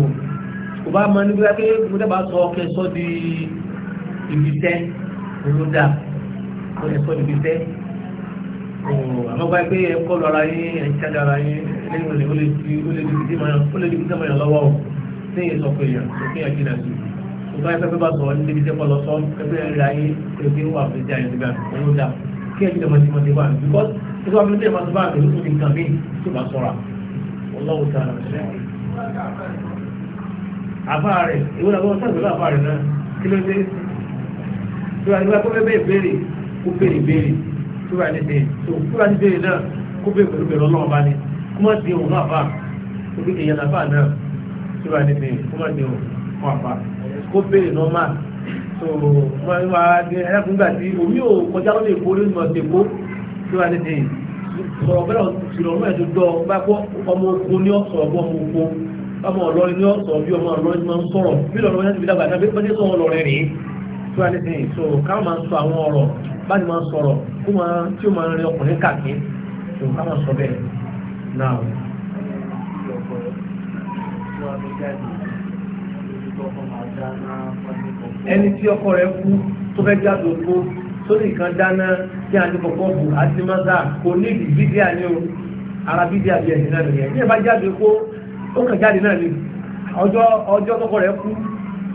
kò bá máa níbi wá pé mo dábà sọ ọkẹ sọ di ibi tẹ́ ló dà ó yẹ sọ di ibi tẹ́ àmọ́ gba pé ẹ kọlu ara yín ẹ ń ṣáájú ara yín lẹ́yìn olè olè di ibi tí mo yàn lọ́wọ́ o lẹ́yìn sọ pé yàn sọ pé yàn jìnnà sí i ìgbà ẹgbẹ́ bá sọ ní ibi tẹ́kọ̀ lọ sọ ẹgbẹ́ rẹ̀ ayé pé wà fún ìjà ìdígbà òun ó dà kí ẹ̀jẹ̀ mọ̀ sí mọ̀ sí wà ní bíkọ́ tó bá fi ń tẹ̀ máa tó bá àgbẹ̀ lóṣù ní nǹkan míì tó bá sọ̀ra ọlọ́wọ́ ta àbá rẹ̀ ìwé làwọn sábẹ̀ bá àbá rẹ̀ náà kí ló dé tó bá nígbà tó fẹ́ bẹ́ẹ̀ kó béèrè nọ́mà tó wọ́n wá dé ẹlẹ́kùn gbà tí omi ò kọjá lọ́dọ̀ èkó lórí ìmọ̀ tèkó tí wọ́n á tètè sọ̀rọ̀ bẹ́ẹ̀ sọ̀rọ̀ ọmọ ẹ̀dùn dọ̀ bá kó ọmọ oko ní ọ̀sọ̀rọ̀ bí ọmọ oko ọmọ ọlọ́rin ní ọ̀sọ̀rọ̀ bí ọmọ ọlọ́rin máa ń sọ̀rọ̀ bí lọ́rọ̀ wọn ti fi dàgbà náà bí wọ́n ti sọ wọn lọ́rẹ́ rèé tí wọ́n á tètè so káwọn máa ń sọ ẹni tí ọkọ rẹ̀ kú tó fẹ́ jáde òkú sórí nǹkan dáná tí a ní kọ̀kọ́ bù àti mọ́tà kò ní ìdí bídíà ní o ara bídíà bí ẹ̀sìn náà nìyẹn. bí ẹ bá jáde òkú ó kàn jáde náà ni ọjọ́ ọjọ́ tọkọ rẹ̀ kú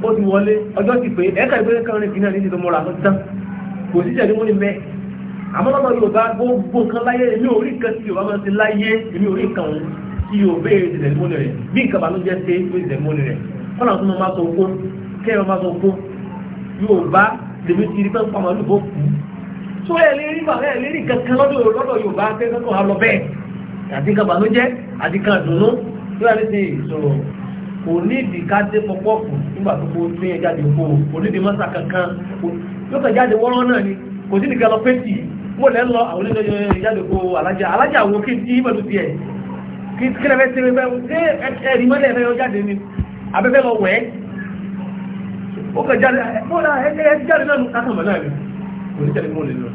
ó ti wọlé ọjọ́ ti pé ẹ̀ka ìgbé kan rìn kìnnà níbi tó mọ́ra tán kò sí ìṣẹ̀lẹ̀ wọn mẹ́ àmọ́ lọ́dọ̀ Yorùbá gbogbo kan láyé èmi ò rí nǹkan tí Yorùbá máa ń láyé èmi ò rí nǹkan tí Yorùbá èdè tẹ̀lé mọ́ni rẹ̀ bí nǹkan ló jẹ́ ṣe é ló rẹ̀ fọ́nà tó máa sọ kó kẹ́yọ̀ máa sọ kó yóò bá lèmi ti rí pẹ́ńpọ́ àwọn olùbó kù tó ẹ̀ lé rí bàbá ẹ̀ lé rí kankan lọ́dọ̀ lọ́dọ̀ yóò bá kẹ́kọ̀ọ́ alọ bẹ́ẹ̀ àti kan bànújẹ́ àti kan dùnú yóò rí sí ìṣòro kò nídìí ká dé pọpọ́ kù nígbà tó kó tún yẹn jáde kó kò nídìí mọ́sà kankan yóò kàn jáde wọ́rọ́ náà ni kò sí nìkan lọ pẹ́tì mo lẹ́ lọ àwọn onílẹ̀ ìjáde kó alájà alájà wo kí n ti ìbẹ̀lú tiẹ̀ kí kílẹ̀ fẹ́ ṣe fẹ́ ẹ̀rí mọ́lẹ̀ fẹ́ yọ jáde ni abẹ́fẹ́ lọ wẹ̀ ó kàn jáde mọ́lá ẹgbẹ́ jáde náà nù kásàmọ́ náà ni kò ní tẹ̀lé mọ́lẹ̀ lọ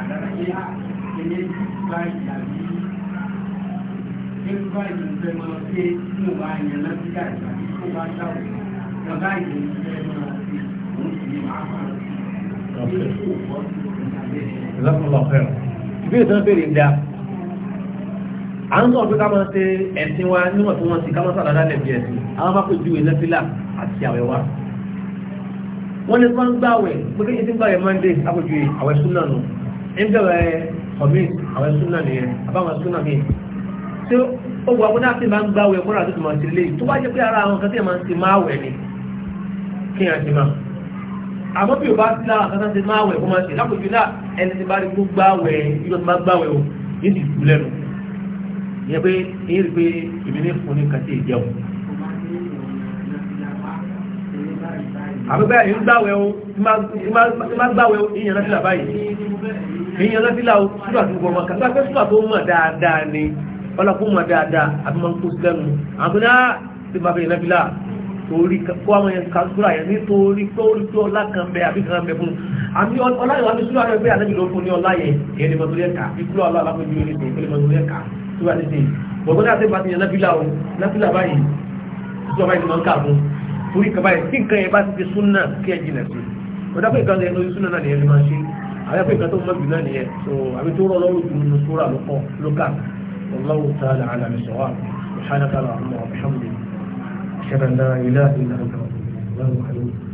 àdáyé ilé bá ìyàrí nínú báyìí ń fẹ́ máa pé tí ò bá yẹn lọ́síkà ìgbàlí tó bá ṣàwọ̀ lọ báyìí ń fẹ́ máa pé òun sì ní máa máa pé tí ò bọ́ sí ìgbàlẹ́ ìlọ́pọ̀lọpọ̀ ìbí ìtàn bèrè ń da à ń sọ̀rọ̀ pé ká máa ṣe ẹ̀sìn wa níwọ̀n tí wọ́n ti ká máa sàdádá lẹ̀ bí ẹ̀sìn àwọn bá pèjú ìlẹ́ fílà àti àwẹ̀ wa wọ́n ní kí wọ́n ń gbàwẹ̀ pé kí ní ti ń gbàwẹ̀ àpèjú àwẹ̀ súnà nù ń bẹ̀rẹ̀ ọ̀mí àwọn súnà nìyẹn àbáwọn súnà mi tí ó wà fún láti máa ń gbáwẹ̀ ẹ̀kọ́ àti tòmọ̀ sí ilé tó bá jẹ́ pé ara àwọn kan tí máa ń ti máa wẹ̀ ni kí a àti máa àmọ́ bí o bá sí lára kan tí máa wẹ̀ kó máa ṣe lápòjú náà ẹni tí bá rí kó gbáwẹ̀ yóò ti máa gbáwẹ̀ o yóò ti kú lẹ́nu ìyẹn pé èyí rí pé èmi ní fún ní kàtí ìjẹun àbúgbà ìgbàwẹ̀ o ìmá gbàwẹ̀ o ìyẹn náà èyí ọlọ́fílà ṣúgbà tó gbọmọ kan gbàgbé ṣúgbà tó mọ̀ dáadáa ni ọlọ́kùn mọ̀ dáadáa àbí máa ń kó sí lẹ́nu àbúrò ti bàbá ìlẹ́fílà torí kó àwọn yẹn ká ṣúra yẹn nítorí pé ó rí pé ọlá kan bẹ àbí kan bẹ fún àmì ọlá yẹn wà ní ṣúra rẹ pé àlejò ló fún ní ọlá yẹn èyí ni mọ̀tò yẹn kà ìkúlọ̀ ọlá alákòjú yẹn ní ìpínlẹ̀ mọ̀tò yẹn kà ṣúra ní sèyí bọ̀gbọ́n náà ṣe bá ti yẹn lábílà o lábílà báyìí ṣúra báyìí ni wọ́n kà fún torí kaba yẹn àwọn ẹgbẹ́ ìkàtọ́ mọ́bí náà nìyẹn so àbí tó rọ lọ́rùn jù nínú súra ló kọ́ ló kà Allahu ta'ala àlàmì sọ̀wá ṣáná tààlà àmọ́ àbúṣàmùdé ṣẹlẹ̀ náà ilé àti ìlànà ìlànà ìlànà